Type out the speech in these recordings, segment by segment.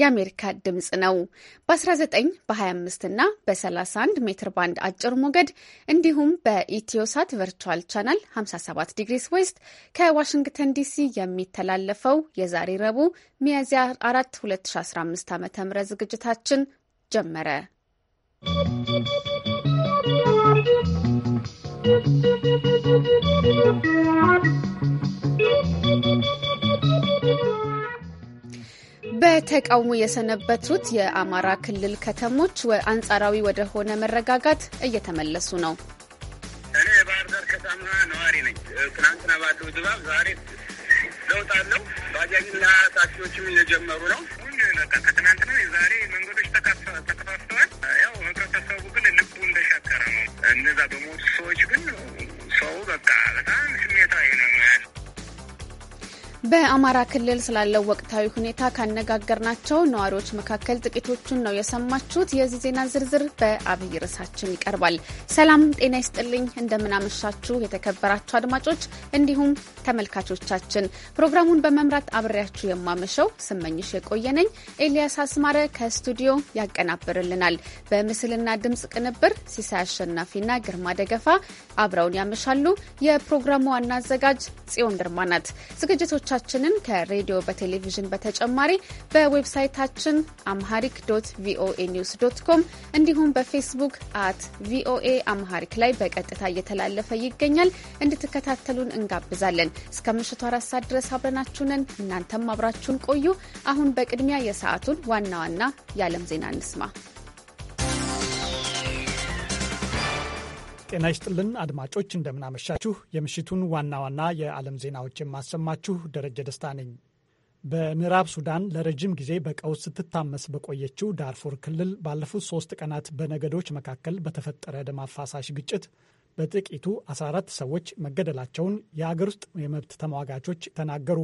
የአሜሪካ ድምፅ ነው። በ19 በ25 እና በ31 ሜትር ባንድ አጭር ሞገድ እንዲሁም በኢትዮሳት ቨርቹዋል ቻናል 57 ዲግሪስ ዌስት ከዋሽንግተን ዲሲ የሚተላለፈው የዛሬ ረቡዕ ሚያዝያ 4 2015 ዓ ም ዝግጅታችን ጀመረ። ¶¶ በተቃውሞ የሰነበቱት የአማራ ክልል ከተሞች አንጻራዊ ወደ ሆነ መረጋጋት እየተመለሱ ነው። እኔ የባህር ዳር ከተማ ነዋሪ ነኝ። ትናንትና ባለው ድባብ ዛሬ ለውጥ አለው። ባጃጅና ታክሲዎችም እየጀመሩ ነው። ከትናንትና የዛሬ መንገዶች ተከፋፍተዋል። ያው ህብረተሰቡ ግን ልቡ እንደሻከረ ነው። እነዛ በሞቱ ሰዎች ግን ሰው በቃ በጣም ስሜታዊ ነው። በአማራ ክልል ስላለው ወቅታዊ ሁኔታ ካነጋገርናቸው ነዋሪዎች መካከል ጥቂቶቹን ነው የሰማችሁት። የዚህ ዜና ዝርዝር በአብይ ርዕሳችን ይቀርባል። ሰላም ጤና ይስጥልኝ፣ እንደምናመሻችሁ የተከበራችሁ አድማጮች እንዲሁም ተመልካቾቻችን። ፕሮግራሙን በመምራት አብሬያችሁ የማመሸው ስመኝሽ የቆየነኝ። ኤልያስ አስማረ ከስቱዲዮ ያቀናብርልናል። በምስልና ድምፅ ቅንብር ሲሳይ አሸናፊና ግርማ ደገፋ አብረውን ያመሻሉ። የፕሮግራሙ ዋና አዘጋጅ ጽዮን ግርማ ናት። ዝግጅቶች ዝግጅቶቻችንን ከሬዲዮ በቴሌቪዥን በተጨማሪ በዌብሳይታችን አምሃሪክ ዶት ቪኦኤ ኒውስ ዶት ኮም እንዲሁም በፌስቡክ አት ቪኦኤ አምሃሪክ ላይ በቀጥታ እየተላለፈ ይገኛል። እንድትከታተሉን እንጋብዛለን። እስከ ምሽቱ አራት ሰዓት ድረስ አብረናችሁንን እናንተም አብራችሁን ቆዩ። አሁን በቅድሚያ የሰዓቱን ዋና ዋና የዓለም ዜና እንስማ። ጤና ይስጥልን አድማጮች፣ እንደምናመሻችሁ። የምሽቱን ዋና ዋና የዓለም ዜናዎች የማሰማችሁ ደረጀ ደስታ ነኝ። በምዕራብ ሱዳን ለረጅም ጊዜ በቀውስ ስትታመስ በቆየችው ዳርፉር ክልል ባለፉት ሶስት ቀናት በነገዶች መካከል በተፈጠረ ደም አፋሳሽ ግጭት በጥቂቱ 14 ሰዎች መገደላቸውን የአገር ውስጥ የመብት ተሟጋቾች ተናገሩ።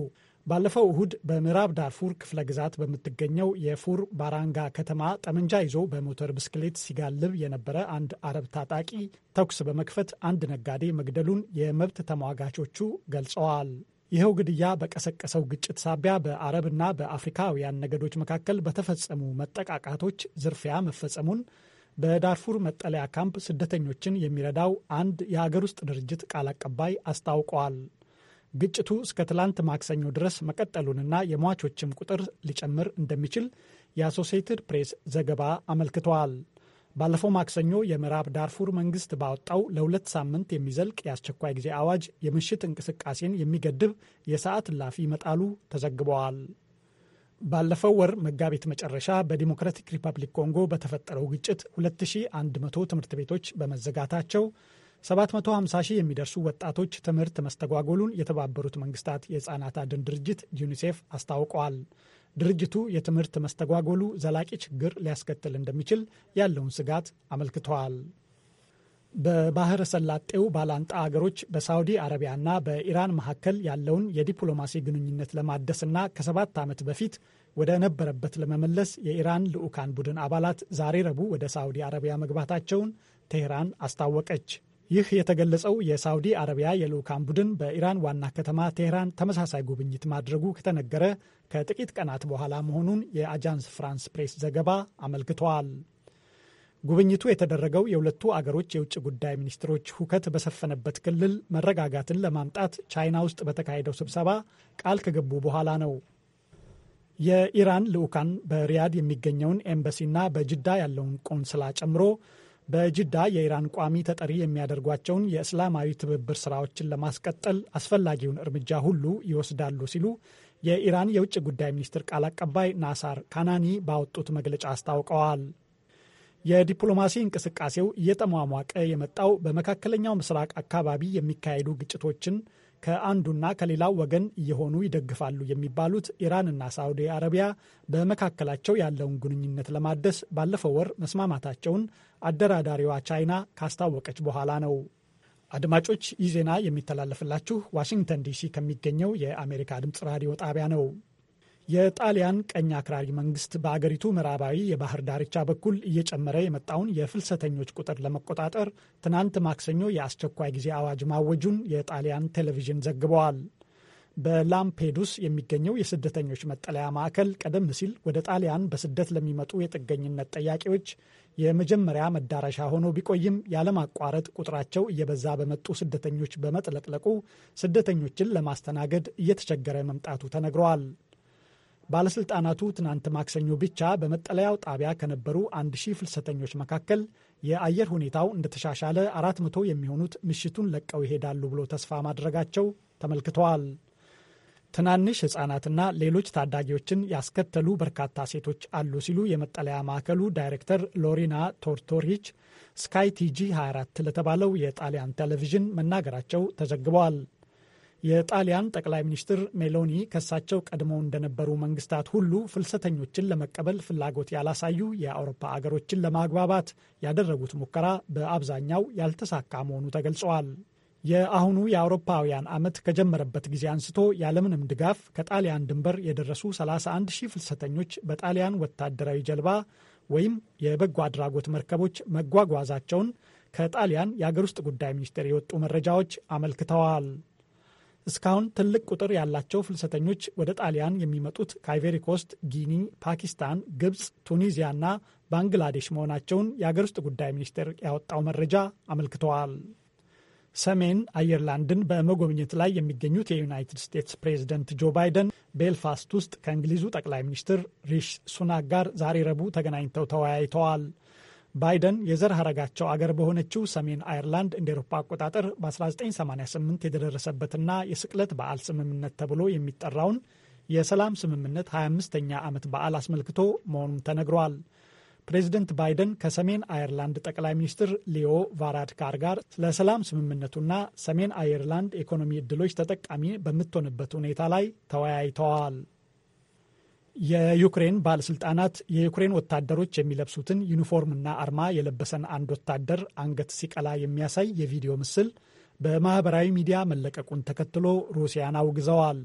ባለፈው እሁድ በምዕራብ ዳርፉር ክፍለ ግዛት በምትገኘው የፉር ባራንጋ ከተማ ጠመንጃ ይዞ በሞተር ብስክሌት ሲጋልብ የነበረ አንድ አረብ ታጣቂ ተኩስ በመክፈት አንድ ነጋዴ መግደሉን የመብት ተሟጋቾቹ ገልጸዋል። ይኸው ግድያ በቀሰቀሰው ግጭት ሳቢያ በአረብና በአፍሪካውያን ነገዶች መካከል በተፈጸሙ መጠቃቃቶች ዝርፊያ መፈጸሙን በዳርፉር መጠለያ ካምፕ ስደተኞችን የሚረዳው አንድ የአገር ውስጥ ድርጅት ቃል አቀባይ አስታውቀዋል። ግጭቱ እስከ ትላንት ማክሰኞ ድረስ መቀጠሉንና የሟቾችም ቁጥር ሊጨምር እንደሚችል የአሶሴትድ ፕሬስ ዘገባ አመልክተዋል። ባለፈው ማክሰኞ የምዕራብ ዳርፉር መንግስት ባወጣው ለሁለት ሳምንት የሚዘልቅ የአስቸኳይ ጊዜ አዋጅ የምሽት እንቅስቃሴን የሚገድብ የሰዓት እላፊ መጣሉ ተዘግበዋል። ባለፈው ወር መጋቢት መጨረሻ በዲሞክራቲክ ሪፐብሊክ ኮንጎ በተፈጠረው ግጭት 2100 ትምህርት ቤቶች በመዘጋታቸው 750 ሺህ የሚደርሱ ወጣቶች ትምህርት መስተጓጎሉን የተባበሩት መንግስታት የህፃናት አድን ድርጅት ዩኒሴፍ አስታውቀዋል። ድርጅቱ የትምህርት መስተጓጎሉ ዘላቂ ችግር ሊያስከትል እንደሚችል ያለውን ስጋት አመልክተዋል። በባህረ ሰላጤው ባላንጣ አገሮች በሳውዲ አረቢያና በኢራን መካከል ያለውን የዲፕሎማሲ ግንኙነት ለማደስና ከሰባት ዓመት በፊት ወደ ነበረበት ለመመለስ የኢራን ልዑካን ቡድን አባላት ዛሬ ረቡዕ ወደ ሳውዲ አረቢያ መግባታቸውን ቴህራን አስታወቀች። ይህ የተገለጸው የሳውዲ አረቢያ የልዑካን ቡድን በኢራን ዋና ከተማ ቴህራን ተመሳሳይ ጉብኝት ማድረጉ ከተነገረ ከጥቂት ቀናት በኋላ መሆኑን የአጃንስ ፍራንስ ፕሬስ ዘገባ አመልክተዋል። ጉብኝቱ የተደረገው የሁለቱ አገሮች የውጭ ጉዳይ ሚኒስትሮች ሁከት በሰፈነበት ክልል መረጋጋትን ለማምጣት ቻይና ውስጥ በተካሄደው ስብሰባ ቃል ከገቡ በኋላ ነው። የኢራን ልዑካን በሪያድ የሚገኘውን ኤምባሲና በጅዳ ያለውን ቆንስላ ጨምሮ በጅዳ የኢራን ቋሚ ተጠሪ የሚያደርጓቸውን የእስላማዊ ትብብር ስራዎችን ለማስቀጠል አስፈላጊውን እርምጃ ሁሉ ይወስዳሉ ሲሉ የኢራን የውጭ ጉዳይ ሚኒስትር ቃል አቀባይ ናሳር ካናኒ ባወጡት መግለጫ አስታውቀዋል። የዲፕሎማሲ እንቅስቃሴው እየተሟሟቀ የመጣው በመካከለኛው ምስራቅ አካባቢ የሚካሄዱ ግጭቶችን ከአንዱና ከሌላው ወገን እየሆኑ ይደግፋሉ የሚባሉት ኢራንና ሳዑዲ አረቢያ በመካከላቸው ያለውን ግንኙነት ለማደስ ባለፈው ወር መስማማታቸውን አደራዳሪዋ ቻይና ካስታወቀች በኋላ ነው። አድማጮች ይህ ዜና የሚተላለፍላችሁ ዋሽንግተን ዲሲ ከሚገኘው የአሜሪካ ድምፅ ራዲዮ ጣቢያ ነው። የጣሊያን ቀኝ አክራሪ መንግስት በአገሪቱ ምዕራባዊ የባህር ዳርቻ በኩል እየጨመረ የመጣውን የፍልሰተኞች ቁጥር ለመቆጣጠር ትናንት ማክሰኞ የአስቸኳይ ጊዜ አዋጅ ማወጁን የጣሊያን ቴሌቪዥን ዘግበዋል። በላምፔዱስ የሚገኘው የስደተኞች መጠለያ ማዕከል ቀደም ሲል ወደ ጣሊያን በስደት ለሚመጡ የጥገኝነት ጠያቂዎች የመጀመሪያ መዳረሻ ሆኖ ቢቆይም ያለማቋረጥ ቁጥራቸው እየበዛ በመጡ ስደተኞች በመጥለቅለቁ ስደተኞችን ለማስተናገድ እየተቸገረ መምጣቱ ተነግረዋል። ባለሥልጣናቱ ትናንት ማክሰኞ ብቻ በመጠለያው ጣቢያ ከነበሩ አንድ ሺህ ፍልሰተኞች መካከል የአየር ሁኔታው እንደተሻሻለ አራት መቶ የሚሆኑት ምሽቱን ለቀው ይሄዳሉ ብሎ ተስፋ ማድረጋቸው ተመልክተዋል። ትናንሽ ሕፃናትና ሌሎች ታዳጊዎችን ያስከተሉ በርካታ ሴቶች አሉ ሲሉ የመጠለያ ማዕከሉ ዳይሬክተር ሎሪና ቶርቶሪች ስካይ ቲጂ 24 ለተባለው የጣሊያን ቴሌቪዥን መናገራቸው ተዘግበዋል። የጣሊያን ጠቅላይ ሚኒስትር ሜሎኒ ከሳቸው ቀድመው እንደነበሩ መንግስታት ሁሉ ፍልሰተኞችን ለመቀበል ፍላጎት ያላሳዩ የአውሮፓ አገሮችን ለማግባባት ያደረጉት ሙከራ በአብዛኛው ያልተሳካ መሆኑ ተገልጸዋል። የአሁኑ የአውሮፓውያን ዓመት ከጀመረበት ጊዜ አንስቶ ያለምንም ድጋፍ ከጣሊያን ድንበር የደረሱ 31 ሺህ ፍልሰተኞች በጣሊያን ወታደራዊ ጀልባ ወይም የበጎ አድራጎት መርከቦች መጓጓዛቸውን ከጣሊያን የአገር ውስጥ ጉዳይ ሚኒስቴር የወጡ መረጃዎች አመልክተዋል። እስካሁን ትልቅ ቁጥር ያላቸው ፍልሰተኞች ወደ ጣሊያን የሚመጡት ከአይቬሪኮስት፣ ጊኒ፣ ፓኪስታን፣ ግብፅ፣ ቱኒዚያና ባንግላዴሽ መሆናቸውን የአገር ውስጥ ጉዳይ ሚኒስቴር ያወጣው መረጃ አመልክተዋል። ሰሜን አየርላንድን በመጎብኘት ላይ የሚገኙት የዩናይትድ ስቴትስ ፕሬዝደንት ጆ ባይደን ቤልፋስት ውስጥ ከእንግሊዙ ጠቅላይ ሚኒስትር ሪሽ ሱናክ ጋር ዛሬ ረቡዕ ተገናኝተው ተወያይተዋል። ባይደን የዘር ሀረጋቸው አገር በሆነችው ሰሜን አይርላንድ እንደ ኤሮፓ አቆጣጠር በ1988 የተደረሰበትና የስቅለት በዓል ስምምነት ተብሎ የሚጠራውን የሰላም ስምምነት 25ኛ ዓመት በዓል አስመልክቶ መሆኑን ተነግሯል። ፕሬዚደንት ባይደን ከሰሜን አየርላንድ ጠቅላይ ሚኒስትር ሊዮ ቫራድካር ጋር ስለ ሰላም ስምምነቱና ሰሜን አየርላንድ ኢኮኖሚ ዕድሎች ተጠቃሚ በምትሆንበት ሁኔታ ላይ ተወያይተዋል። የዩክሬን ባለስልጣናት የዩክሬን ወታደሮች የሚለብሱትን ዩኒፎርምና አርማ የለበሰን አንድ ወታደር አንገት ሲቀላ የሚያሳይ የቪዲዮ ምስል በማህበራዊ ሚዲያ መለቀቁን ተከትሎ ሩሲያን አውግዘዋል።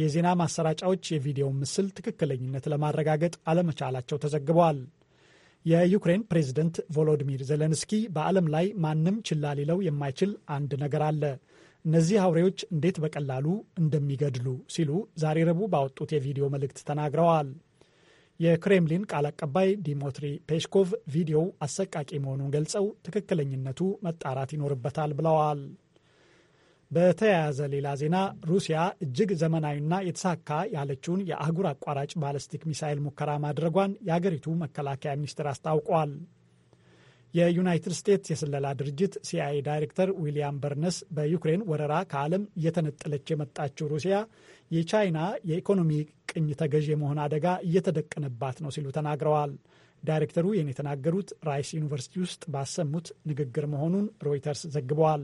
የዜና ማሰራጫዎች የቪዲዮውን ምስል ትክክለኝነት ለማረጋገጥ አለመቻላቸው ተዘግበዋል። የዩክሬን ፕሬዝደንት ቮሎዲሚር ዜሌንስኪ በዓለም ላይ ማንም ችላ ሊለው የማይችል አንድ ነገር አለ እነዚህ አውሬዎች እንዴት በቀላሉ እንደሚገድሉ ሲሉ ዛሬ ረቡዕ ባወጡት የቪዲዮ መልእክት ተናግረዋል። የክሬምሊን ቃል አቀባይ ዲሞትሪ ፔሽኮቭ ቪዲዮው አሰቃቂ መሆኑን ገልጸው ትክክለኝነቱ መጣራት ይኖርበታል ብለዋል። በተያያዘ ሌላ ዜና ሩሲያ እጅግ ዘመናዊና የተሳካ ያለችውን የአህጉር አቋራጭ ባለስቲክ ሚሳይል ሙከራ ማድረጓን የአገሪቱ መከላከያ ሚኒስትር አስታውቋል። የዩናይትድ ስቴትስ የስለላ ድርጅት ሲአይኤ ዳይሬክተር ዊሊያም በርነስ በዩክሬን ወረራ ከዓለም እየተነጠለች የመጣችው ሩሲያ የቻይና የኢኮኖሚ ቅኝ ተገዥ የመሆን አደጋ እየተደቀነባት ነው ሲሉ ተናግረዋል። ዳይሬክተሩ ይህን የተናገሩት ራይስ ዩኒቨርሲቲ ውስጥ ባሰሙት ንግግር መሆኑን ሮይተርስ ዘግበዋል።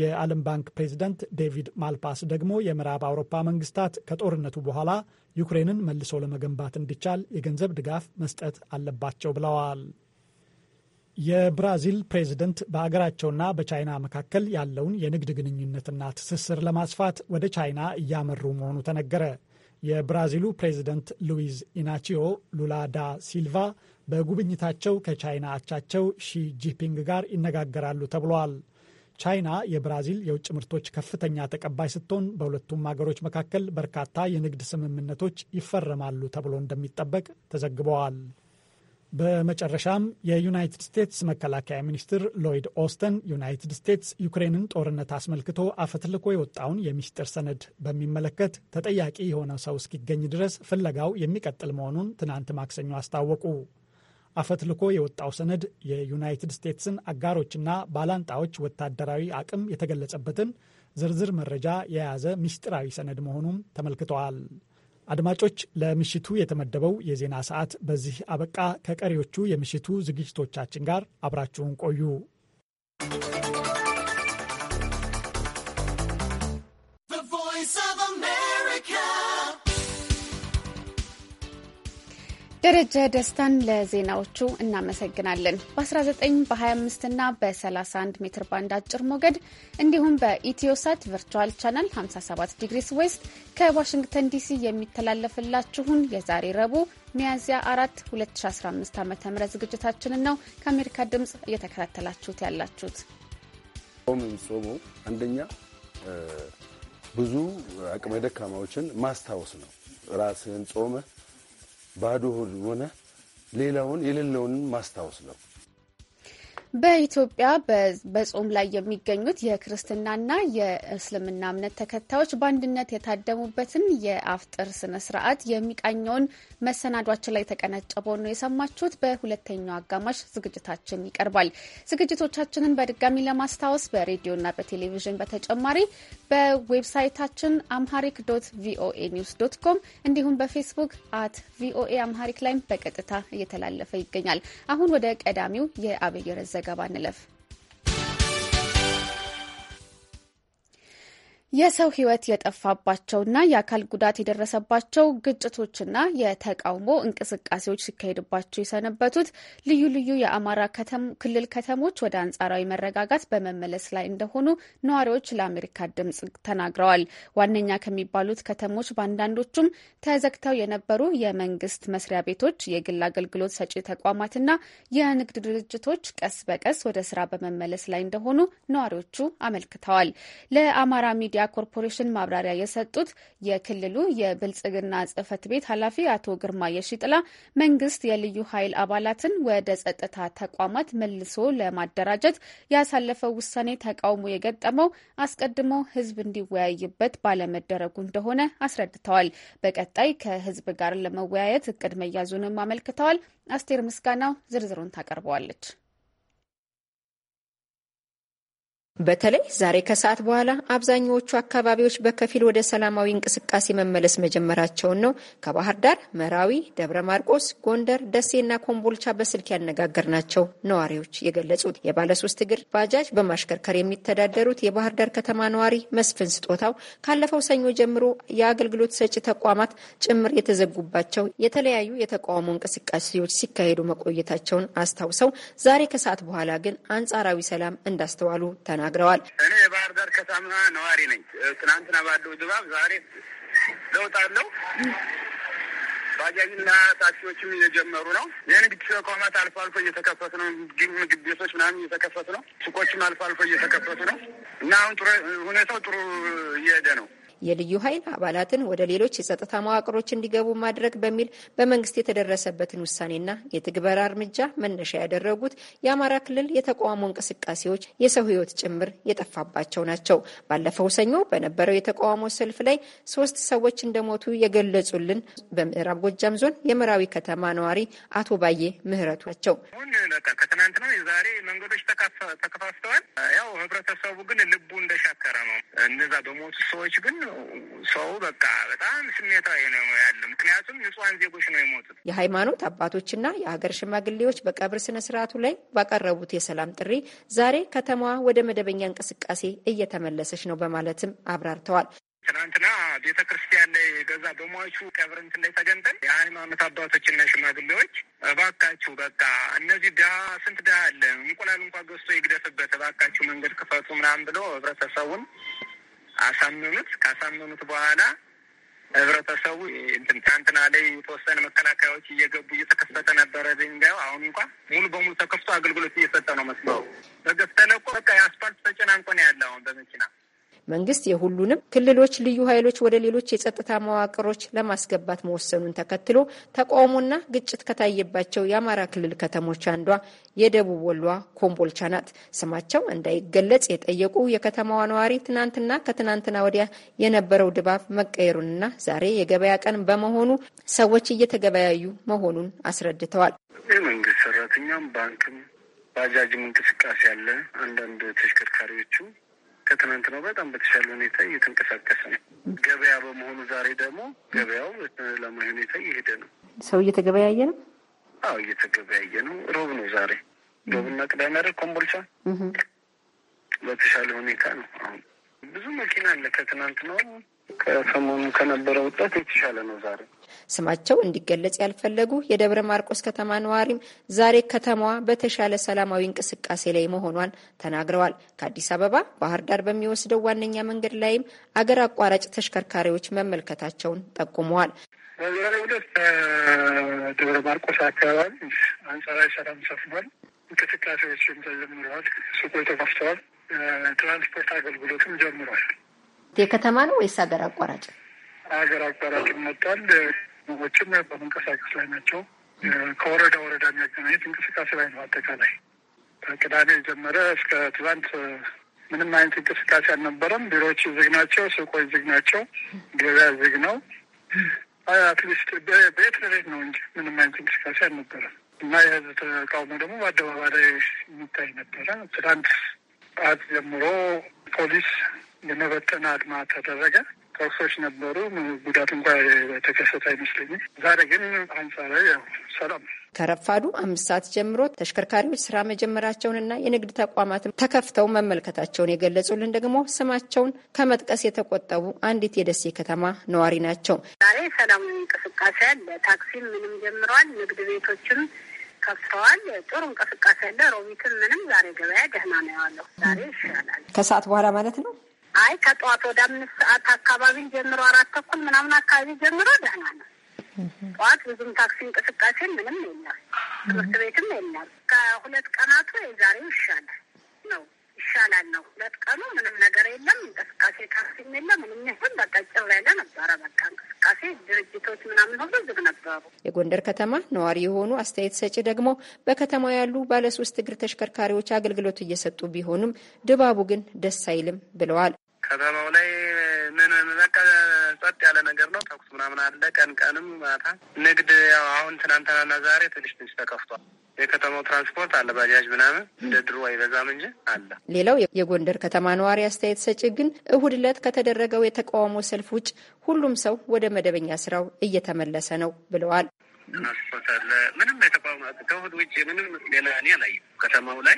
የዓለም ባንክ ፕሬዚደንት ዴቪድ ማልፓስ ደግሞ የምዕራብ አውሮፓ መንግስታት ከጦርነቱ በኋላ ዩክሬንን መልሶ ለመገንባት እንዲቻል የገንዘብ ድጋፍ መስጠት አለባቸው ብለዋል። የብራዚል ፕሬዝደንት በሀገራቸውና በቻይና መካከል ያለውን የንግድ ግንኙነትና ትስስር ለማስፋት ወደ ቻይና እያመሩ መሆኑ ተነገረ። የብራዚሉ ፕሬዝደንት ሉዊዝ ኢናቺዮ ሉላ ዳ ሲልቫ በጉብኝታቸው ከቻይና አቻቸው ሺ ጂፒንግ ጋር ይነጋገራሉ ተብሏል። ቻይና የብራዚል የውጭ ምርቶች ከፍተኛ ተቀባይ ስትሆን በሁለቱም ሀገሮች መካከል በርካታ የንግድ ስምምነቶች ይፈረማሉ ተብሎ እንደሚጠበቅ ተዘግበዋል። በመጨረሻም የዩናይትድ ስቴትስ መከላከያ ሚኒስትር ሎይድ ኦስተን ዩናይትድ ስቴትስ ዩክሬንን ጦርነት አስመልክቶ አፈትልኮ የወጣውን የሚስጥር ሰነድ በሚመለከት ተጠያቂ የሆነ ሰው እስኪገኝ ድረስ ፍለጋው የሚቀጥል መሆኑን ትናንት ማክሰኞ አስታወቁ። አፈትልኮ የወጣው ሰነድ የዩናይትድ ስቴትስን አጋሮችና ባላንጣዎች ወታደራዊ አቅም የተገለጸበትን ዝርዝር መረጃ የያዘ ሚስጢራዊ ሰነድ መሆኑም ተመልክተዋል። አድማጮች፣ ለምሽቱ የተመደበው የዜና ሰዓት በዚህ አበቃ። ከቀሪዎቹ የምሽቱ ዝግጅቶቻችን ጋር አብራችሁን ቆዩ። ደረጀ ደስታን ለዜናዎቹ እናመሰግናለን። በ19 በ25 እና በ31 ሜትር ባንድ አጭር ሞገድ እንዲሁም በኢትዮሳት ቨርቹዋል ቻናል 57 ዲግሪስ ዌስት ከዋሽንግተን ዲሲ የሚተላለፍላችሁን የዛሬ ረቡዕ ሚያዝያ 4 2015 ዓ ም ዝግጅታችንን ነው ከአሜሪካ ድምፅ እየተከታተላችሁት ያላችሁት። ጾሙ አንደኛ ብዙ አቅመ ደካማዎችን ማስታወስ ነው። ራስህን ጾመህ ባዶ ሆነ ሌላውን የሌለውን ማስታወስ ነው። በኢትዮጵያ በጾም ላይ የሚገኙት የክርስትናና የእስልምና እምነት ተከታዮች በአንድነት የታደሙበትን የአፍጥር ስነ ስርዓት የሚቃኘውን መሰናዷችን ላይ ተቀነጨበው ነው የሰማችሁት። በሁለተኛው አጋማሽ ዝግጅታችን ይቀርባል። ዝግጅቶቻችንን በድጋሚ ለማስታወስ በሬዲዮና በቴሌቪዥን በተጨማሪ በዌብሳይታችን አምሃሪክ ዶት ቪኦኤ ኒውስ ዶት ኮም እንዲሁም በፌስቡክ አት ቪኦኤ አምሃሪክ ላይም በቀጥታ እየተላለፈ ይገኛል። አሁን ወደ ቀዳሚው የአብይ ረዘ ዘገባ እንለፍ። የሰው ህይወት የጠፋባቸውና የአካል ጉዳት የደረሰባቸው ግጭቶችና የተቃውሞ እንቅስቃሴዎች ሲካሄድባቸው የሰነበቱት ልዩ ልዩ የአማራ ክልል ከተሞች ወደ አንጻራዊ መረጋጋት በመመለስ ላይ እንደሆኑ ነዋሪዎች ለአሜሪካ ድምጽ ተናግረዋል። ዋነኛ ከሚባሉት ከተሞች በአንዳንዶቹም ተዘግተው የነበሩ የመንግስት መስሪያ ቤቶች፣ የግል አገልግሎት ሰጪ ተቋማትና የንግድ ድርጅቶች ቀስ በቀስ ወደ ስራ በመመለስ ላይ እንደሆኑ ነዋሪዎቹ አመልክተዋል። ለአማራ ሚዲያ ሚዲያ ኮርፖሬሽን ማብራሪያ የሰጡት የክልሉ የብልጽግና ጽህፈት ቤት ኃላፊ አቶ ግርማ የሺጥላ መንግስት የልዩ ኃይል አባላትን ወደ ጸጥታ ተቋማት መልሶ ለማደራጀት ያሳለፈው ውሳኔ ተቃውሞ የገጠመው አስቀድሞ ህዝብ እንዲወያይበት ባለመደረጉ እንደሆነ አስረድተዋል። በቀጣይ ከህዝብ ጋር ለመወያየት እቅድ መያዙንም አመልክተዋል። አስቴር ምስጋናው ዝርዝሩን ታቀርበዋለች። በተለይ ዛሬ ከሰዓት በኋላ አብዛኛዎቹ አካባቢዎች በከፊል ወደ ሰላማዊ እንቅስቃሴ መመለስ መጀመራቸውን ነው ከባህር ዳር፣ መራዊ፣ ደብረ ማርቆስ፣ ጎንደር፣ ደሴና ኮምቦልቻ በስልክ ያነጋገርናቸው ነዋሪዎች የገለጹት። የባለሶስት እግር ባጃጅ በማሽከርከር የሚተዳደሩት የባህር ዳር ከተማ ነዋሪ መስፍን ስጦታው ካለፈው ሰኞ ጀምሮ የአገልግሎት ሰጪ ተቋማት ጭምር የተዘጉባቸው የተለያዩ የተቃውሞ እንቅስቃሴዎች ሲካሄዱ መቆየታቸውን አስታውሰው ዛሬ ከሰዓት በኋላ ግን አንጻራዊ ሰላም እንዳስተዋሉ ተናል ተናግረዋል። እኔ የባህር ዳር ከተማ ነዋሪ ነኝ። ትናንትና ባለው ድባብ ዛሬ ለውጥ አለው። ባጃጅና ታክሲዎችም እየጀመሩ ነው። የንግድ ተቋማት አልፎ አልፎ እየተከፈቱ ነው። ምግብ ቤቶች ምናምን እየተከፈቱ ነው። ሱቆችም አልፎ አልፎ እየተከፈቱ ነው እና አሁን ሁኔታው ጥሩ እየሄደ ነው። የልዩ ኃይል አባላትን ወደ ሌሎች የጸጥታ መዋቅሮች እንዲገቡ ማድረግ በሚል በመንግስት የተደረሰበትን ውሳኔና የትግበራ እርምጃ መነሻ ያደረጉት የአማራ ክልል የተቃውሞ እንቅስቃሴዎች የሰው ህይወት ጭምር የጠፋባቸው ናቸው። ባለፈው ሰኞ በነበረው የተቃውሞ ሰልፍ ላይ ሶስት ሰዎች እንደሞቱ የገለጹልን በምዕራብ ጎጃም ዞን የምዕራዊ ከተማ ነዋሪ አቶ ባዬ ምህረቱ ናቸው። የዛሬ መንገዶች ተከፋፍተዋል። ያው ህብረተሰቡ ግን ልቡ እንደሻከረ ነው። እነዛ በሞቱ ሰዎች ግን ሰው በቃ በጣም ስሜታዊ ነው ያለ። ምክንያቱም ንጹሐን ዜጎች ነው የሞቱት። የሃይማኖት አባቶችና የሀገር ሽማግሌዎች በቀብር ስነ ስርዓቱ ላይ ባቀረቡት የሰላም ጥሪ ዛሬ ከተማዋ ወደ መደበኛ እንቅስቃሴ እየተመለሰች ነው በማለትም አብራርተዋል። ትናንትና ቤተ ክርስቲያን ላይ ገዛ በሟቹ ቀብር እንትን ላይ ተገንጠን የሃይማኖት አባቶችና ሽማግሌዎች እባካችሁ በቃ እነዚህ ድሀ ስንት ድሀ አለ እንቁላል እንኳ ገዝቶ ይግደፍበት እባካችሁ መንገድ ክፈቱ ምናምን ብሎ ህብረተሰቡን አሳመኑት። ካሳመኑት በኋላ ህብረተሰቡ እንትን ትናንትና ላይ የተወሰነ መከላከያዎች እየገቡ እየተከፈተ ነበረ ድንጋዩ። አሁን እንኳ ሙሉ በሙሉ ተከፍቶ አገልግሎት እየሰጠ ነው መስለው በገፍተለቆ በቃ የአስፓልት ተጨናንቆ ነው ያለ አሁን በመኪና መንግስት የሁሉንም ክልሎች ልዩ ኃይሎች ወደ ሌሎች የጸጥታ መዋቅሮች ለማስገባት መወሰኑን ተከትሎ ተቃውሞና ግጭት ከታየባቸው የአማራ ክልል ከተሞች አንዷ የደቡብ ወሏ ኮምቦልቻ ናት። ስማቸው እንዳይገለጽ የጠየቁ የከተማዋ ነዋሪ ትናንትና ከትናንትና ወዲያ የነበረው ድባብ መቀየሩንና ዛሬ የገበያ ቀን በመሆኑ ሰዎች እየተገበያዩ መሆኑን አስረድተዋል። የመንግስት ሰራተኛም ባንክም ባጃጅም እንቅስቃሴ አለ። አንዳንድ ተሽከርካሪዎቹ ከትናንት ነው በጣም በተሻለ ሁኔታ እየተንቀሳቀሰ ነው። ገበያ በመሆኑ ዛሬ ደግሞ ገበያው በተለማ ሁኔታ እየሄደ ነው። ሰው እየተገበያየ ነው። አዎ እየተገበያየ ነው። ሮብ ነው ዛሬ ሮብና ቅዳሜ አይደል? ኮምቦልቻ በተሻለ ሁኔታ ነው። አሁን ብዙ መኪና አለ። ከትናንትናው ከሰሞኑ ከነበረ ውጥረት የተሻለ ነው ዛሬ ስማቸው እንዲገለጽ ያልፈለጉ የደብረ ማርቆስ ከተማ ነዋሪም ዛሬ ከተማዋ በተሻለ ሰላማዊ እንቅስቃሴ ላይ መሆኗን ተናግረዋል። ከአዲስ አበባ ባህር ዳር በሚወስደው ዋነኛ መንገድ ላይም አገር አቋራጭ ተሽከርካሪዎች መመልከታቸውን ጠቁመዋል። በዛሬ ሁለት ደብረ ማርቆስ አካባቢ አንጻራዊ ሰላም ሰፍኗል። እንቅስቃሴዎችም ተጀምረዋል። ሱቆች ተከፍተዋል። ትራንስፖርት አገልግሎትም ጀምሯል። የከተማ ነው ወይስ ሀገር አቋራጭ? ሀገር አቋራጭ መጥቷል። ሞችም በመንቀሳቀስ ላይ ናቸው። ከወረዳ ወረዳ የሚያገናኘት እንቅስቃሴ ላይ ነው። አጠቃላይ ከቅዳሜ የጀመረ እስከ ትላንት ምንም አይነት እንቅስቃሴ አልነበረም። ቢሮዎች ዝግ ናቸው፣ ሱቆች ዝግ ናቸው፣ ገበያ ዝግ ነው። አትሊስት ቤት ለቤት ነው እንጂ ምንም አይነት እንቅስቃሴ አልነበረም እና የህዝብ ተቃውሞ ደግሞ በአደባባይ ላይ የሚታይ ነበረ። ትላንት ጠዋት ጀምሮ ፖሊስ የመበተን አድማ ተደረገ። ሰዎች ነበሩ። ጉዳት እንኳ የተከሰተ አይመስለኝም። ዛሬ ግን አንጻራዊ ሰላም ከረፋዱ አምስት ሰዓት ጀምሮ ተሽከርካሪዎች ስራ መጀመራቸውንና የንግድ ተቋማትም ተከፍተው መመልከታቸውን የገለጹልን ደግሞ ስማቸውን ከመጥቀስ የተቆጠቡ አንዲት የደሴ ከተማ ነዋሪ ናቸው። ዛሬ ሰላማዊ እንቅስቃሴ አለ። ታክሲም ምንም ጀምረዋል። ንግድ ቤቶችም ከፍተዋል። ጥሩ እንቅስቃሴ አለ። ሮቢትም ምንም ዛሬ ገበያ ደህና ነው ያለው። ዛሬ ይሻላል ከሰዓት በኋላ ማለት ነው። አይ ከጠዋት ወደ አምስት ሰዓት አካባቢ ጀምሮ አራት ተኩል ምናምን አካባቢ ጀምሮ ደህና ነው። ጠዋት ብዙም ታክሲ እንቅስቃሴ ምንም የለም፣ ትምህርት ቤትም የለም። ከሁለት ቀናቱ የዛሬው ይሻላል ነው ይሻላል ነው። ሁለት ቀኑ ምንም ነገር የለም፣ እንቅስቃሴ ታክሲም የለ ምንም ይሁን በቃ ጭር ያለ ነበረ። በቃ እንቅስቃሴ ድርጅቶች ምናምን ሁሉ ዝግ ነበሩ። የጎንደር ከተማ ነዋሪ የሆኑ አስተያየት ሰጪ ደግሞ በከተማው ያሉ ባለሶስት እግር ተሽከርካሪዎች አገልግሎት እየሰጡ ቢሆንም ድባቡ ግን ደስ አይልም ብለዋል። ከተማው ላይ ምን በቃ ጸጥ ያለ ነገር ነው። ተኩስ ምናምን አለ ቀን ቀንም ማታ። ንግድ ያው አሁን ትናንትናና ዛሬ ትንሽ ትንሽ ተከፍቷል። የከተማው ትራንስፖርት አለ ባጃጅ ምናምን እንደ ድሮ አይበዛም እንጂ አለ። ሌላው የጎንደር ከተማ ነዋሪ አስተያየት ሰጪ ግን እሁድ ዕለት ከተደረገው የተቃውሞ ሰልፍ ውጭ ሁሉም ሰው ወደ መደበኛ ስራው እየተመለሰ ነው ብለዋል። ትራንስፖርት አለ ምንም የተቃውሞ ከእሁድ ውጭ ምንም ሌላ እኔ አላየሁም ከተማው ላይ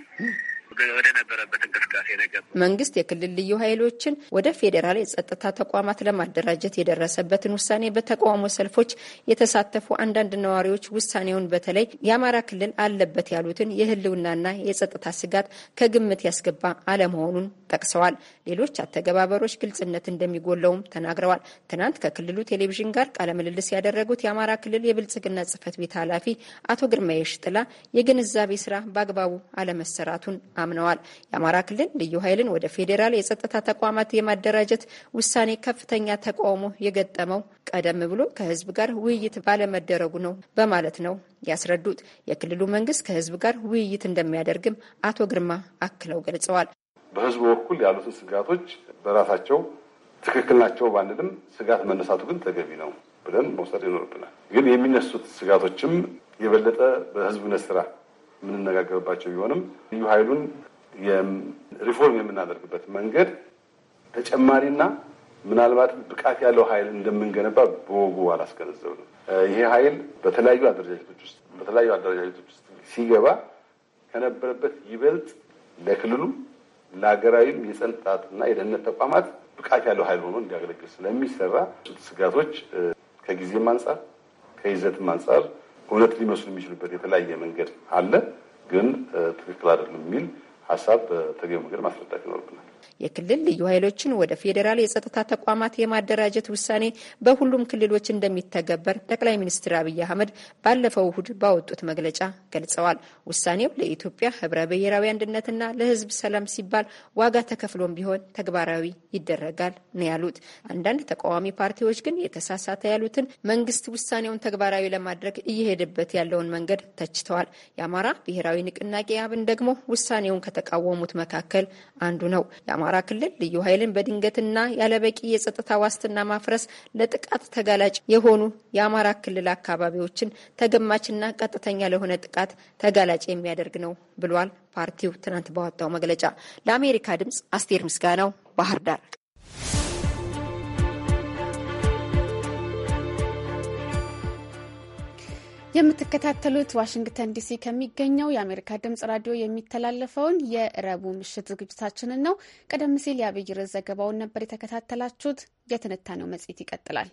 ወደ ነበረበት እንቅስቃሴ ነገር መንግስት የክልል ልዩ ኃይሎችን ወደ ፌዴራል የጸጥታ ተቋማት ለማደራጀት የደረሰበትን ውሳኔ በተቃውሞ ሰልፎች የተሳተፉ አንዳንድ ነዋሪዎች ውሳኔውን በተለይ የአማራ ክልል አለበት ያሉትን የህልውናና የጸጥታ ስጋት ከግምት ያስገባ አለመሆኑን ጠቅሰዋል። ሌሎች አተገባበሮች ግልጽነት እንደሚጎለውም ተናግረዋል። ትናንት ከክልሉ ቴሌቪዥን ጋር ቃለምልልስ ያደረጉት የአማራ ክልል የብልጽግና ጽህፈት ቤት ኃላፊ አቶ ግርማ የሽጥላ የግንዛቤ ስራ በአግባቡ አለመሰራቱን አምነዋል። የአማራ ክልል ልዩ ኃይልን ወደ ፌዴራል የጸጥታ ተቋማት የማደራጀት ውሳኔ ከፍተኛ ተቃውሞ የገጠመው ቀደም ብሎ ከህዝብ ጋር ውይይት ባለመደረጉ ነው በማለት ነው ያስረዱት። የክልሉ መንግስት ከህዝብ ጋር ውይይት እንደሚያደርግም አቶ ግርማ አክለው ገልጸዋል። በህዝቡ በኩል ያሉትን ስጋቶች በራሳቸው ትክክል ናቸው ባንልም ስጋት መነሳቱ ግን ተገቢ ነው ብለን መውሰድ ይኖርብናል። ግን የሚነሱት ስጋቶችም የበለጠ በህዝብነት ስራ የምንነጋገርባቸው ቢሆንም ልዩ ኃይሉን ሪፎርም የምናደርግበት መንገድ ተጨማሪና ምናልባት ብቃት ያለው ኃይል እንደምንገነባ በወጉ አላስገነዘብንም። ይሄ ኃይል በተለያዩ አደረጃጀቶች ውስጥ በተለያዩ አደረጃጀቶች ውስጥ ሲገባ ከነበረበት ይበልጥ ለክልሉ ለሀገራዊም የጸጥታና የደህንነት ተቋማት ብቃት ያለው ኃይል ሆኖ እንዲያገለግል ስለሚሰራ ስጋቶች ከጊዜም አንጻር ከይዘትም አንጻር እውነት ሊመስሉ የሚችሉበት የተለያየ መንገድ አለ፣ ግን ትክክል አይደለም የሚል ሀሳብ በተገቢ መንገድ ማስረዳት ይኖርብናል። የክልል ልዩ ኃይሎችን ወደ ፌዴራል የጸጥታ ተቋማት የማደራጀት ውሳኔ በሁሉም ክልሎች እንደሚተገበር ጠቅላይ ሚኒስትር አብይ አህመድ ባለፈው እሁድ ባወጡት መግለጫ ገልጸዋል። ውሳኔው ለኢትዮጵያ ህብረ ብሔራዊ አንድነትና ለህዝብ ሰላም ሲባል ዋጋ ተከፍሎም ቢሆን ተግባራዊ ይደረጋል ነው ያሉት። አንዳንድ ተቃዋሚ ፓርቲዎች ግን የተሳሳተ ያሉትን መንግስት ውሳኔውን ተግባራዊ ለማድረግ እየሄደበት ያለውን መንገድ ተችተዋል። የአማራ ብሔራዊ ንቅናቄ አብን ደግሞ ውሳኔውን ከተቃወሙት መካከል አንዱ ነው። የአማራ ክልል ልዩ ኃይልን በድንገትና ያለበቂ የጸጥታ ዋስትና ማፍረስ ለጥቃት ተጋላጭ የሆኑ የአማራ ክልል አካባቢዎችን ተገማችና ቀጥተኛ ለሆነ ጥቃት ተጋላጭ የሚያደርግ ነው ብሏል። ፓርቲው ትናንት ባወጣው መግለጫ ለአሜሪካ ድምፅ አስቴር ምስጋናው ባህር ዳር የምትከታተሉት ዋሽንግተን ዲሲ ከሚገኘው የአሜሪካ ድምጽ ራዲዮ የሚተላለፈውን የረቡ ምሽት ዝግጅታችንን ነው። ቀደም ሲል የአብይር ዘገባውን ነበር የተከታተላችሁት። የትንታኔው መጽሔት ይቀጥላል።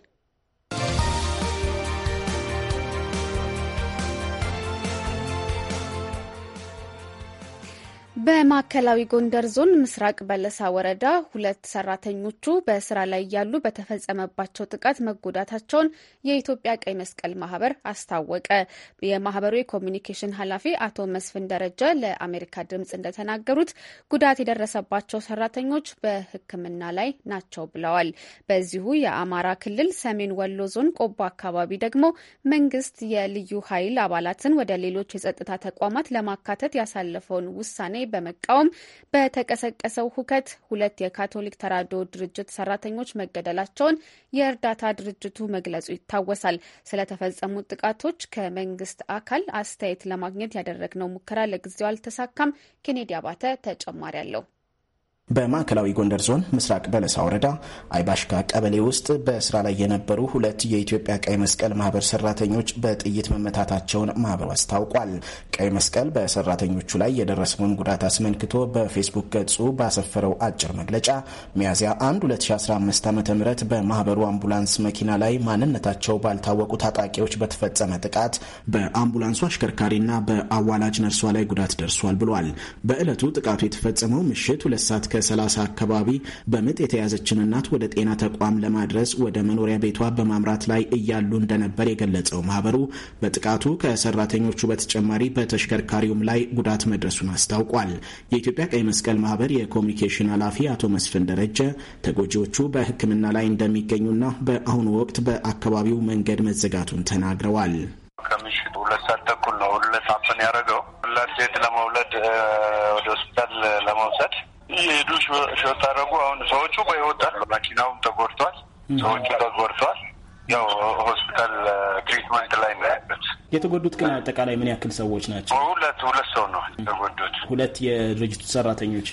በማዕከላዊ ጎንደር ዞን ምስራቅ በለሳ ወረዳ ሁለት ሰራተኞቹ በስራ ላይ ያሉ በተፈጸመባቸው ጥቃት መጎዳታቸውን የኢትዮጵያ ቀይ መስቀል ማህበር አስታወቀ። የማህበሩ የኮሚኒኬሽን ኃላፊ አቶ መስፍን ደረጀ ለአሜሪካ ድምጽ እንደተናገሩት ጉዳት የደረሰባቸው ሰራተኞች በሕክምና ላይ ናቸው ብለዋል። በዚሁ የአማራ ክልል ሰሜን ወሎ ዞን ቆቦ አካባቢ ደግሞ መንግስት የልዩ ኃይል አባላትን ወደ ሌሎች የጸጥታ ተቋማት ለማካተት ያሳለፈውን ውሳኔ በመቃወም በተቀሰቀሰው ሁከት ሁለት የካቶሊክ ተራድኦ ድርጅት ሰራተኞች መገደላቸውን የእርዳታ ድርጅቱ መግለጹ ይታወሳል። ስለተፈጸሙት ጥቃቶች ከመንግስት አካል አስተያየት ለማግኘት ያደረግነው ሙከራ ለጊዜው አልተሳካም። ኬኔዲ አባተ ተጨማሪ አለው። በማዕከላዊ ጎንደር ዞን ምስራቅ በለሳ ወረዳ አይባሽካ ቀበሌ ውስጥ በስራ ላይ የነበሩ ሁለት የኢትዮጵያ ቀይ መስቀል ማህበር ሰራተኞች በጥይት መመታታቸውን ማህበሩ አስታውቋል። ቀይ መስቀል በሰራተኞቹ ላይ የደረሰውን ጉዳት አስመልክቶ በፌስቡክ ገጹ ባሰፈረው አጭር መግለጫ ሚያዝያ 1 2015 ዓ ም በማህበሩ አምቡላንስ መኪና ላይ ማንነታቸው ባልታወቁ ታጣቂዎች በተፈጸመ ጥቃት በአምቡላንሱ አሽከርካሪና በአዋላጅ ነርሷ ላይ ጉዳት ደርሷል ብሏል። በዕለቱ ጥቃቱ የተፈጸመው ምሽት ሁለት ሰዓት ከ አካባቢ በምጥ የተያዘችን እናት ወደ ጤና ተቋም ለማድረስ ወደ መኖሪያ ቤቷ በማምራት ላይ እያሉ እንደነበር የገለጸው ማህበሩ በጥቃቱ ከሰራተኞቹ በተጨማሪ በተሽከርካሪውም ላይ ጉዳት መድረሱን አስታውቋል። የኢትዮጵያ ቀይ መስቀል ማህበር የኮሚኒኬሽን ኃላፊ አቶ መስፍን ደረጀ ተጎጂዎቹ በሕክምና ላይ እንደሚገኙና በአሁኑ ወቅት በአካባቢው መንገድ መዘጋቱን ተናግረዋል። ከምሽት ሁለት ሰዓት ተኩል ነው ሁለት ሳፍን ያደረገው ሁለት ሴት ለመውለድ ወደ ሆስፒታል ለመውሰድ እየሄዱ ሽወት አደረጉ። አሁን ሰዎቹ በህይወት አሉ። መኪናውም ተጎድቷል፣ ሰዎቹ ተጎድቷል። ያው ሆስፒታል ትሪትመንት ላይ ነው ያሉት። የተጎዱት ግን አጠቃላይ ምን ያክል ሰዎች ናቸው? ሁለት ሁለት ሰው ነው የተጎዱት፣ ሁለት የድርጅቱ ሰራተኞች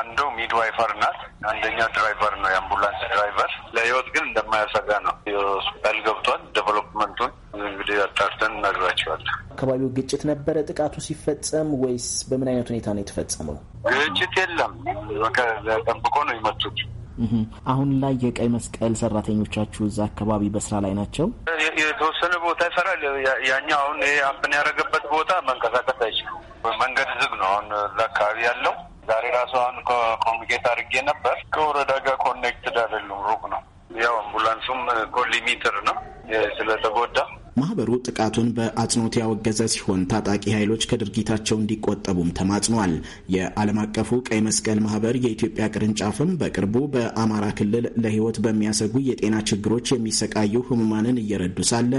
አንዱ ሚድዋይፈር ናት፣ አንደኛው ድራይቨር ነው፣ የአምቡላንስ ድራይቨር። ለህይወት ግን እንደማያሰጋ ነው። የሆስፒታል ገብቷል። ዴቨሎፕመንቱን እንግዲህ አጣርተን እነግራቸዋለን። አካባቢው ግጭት ነበረ ጥቃቱ ሲፈጸም ወይስ በምን አይነት ሁኔታ ነው የተፈጸመው? ግጭት የለም። ጠብቆ ነው የመቱት? አሁን ላይ የቀይ መስቀል ሰራተኞቻችሁ እዛ አካባቢ በስራ ላይ ናቸው? የተወሰነ ቦታ ይሰራል። ያኛው አሁን ይሄ አምፕን ያደረገበት ቦታ መንቀሳቀስ አይችልም። መንገድ ዝግ ነው። አሁን ለአካባቢ ያለው ዛሬ ራሱ አሁን ኮሚኒኬት አድርጌ ነበር። ከወረዳ ጋር ኮኔክትድ አይደሉም፣ ሩቅ ነው። ያው አምቡላንሱም ኮሊሚትር ነው ስለተጎዳ ማህበሩ ጥቃቱን በአጽንኦት ያወገዘ ሲሆን ታጣቂ ኃይሎች ከድርጊታቸው እንዲቆጠቡም ተማጽኗል። የዓለም አቀፉ ቀይ መስቀል ማህበር የኢትዮጵያ ቅርንጫፍም በቅርቡ በአማራ ክልል ለህይወት በሚያሰጉ የጤና ችግሮች የሚሰቃዩ ህሙማንን እየረዱ ሳለ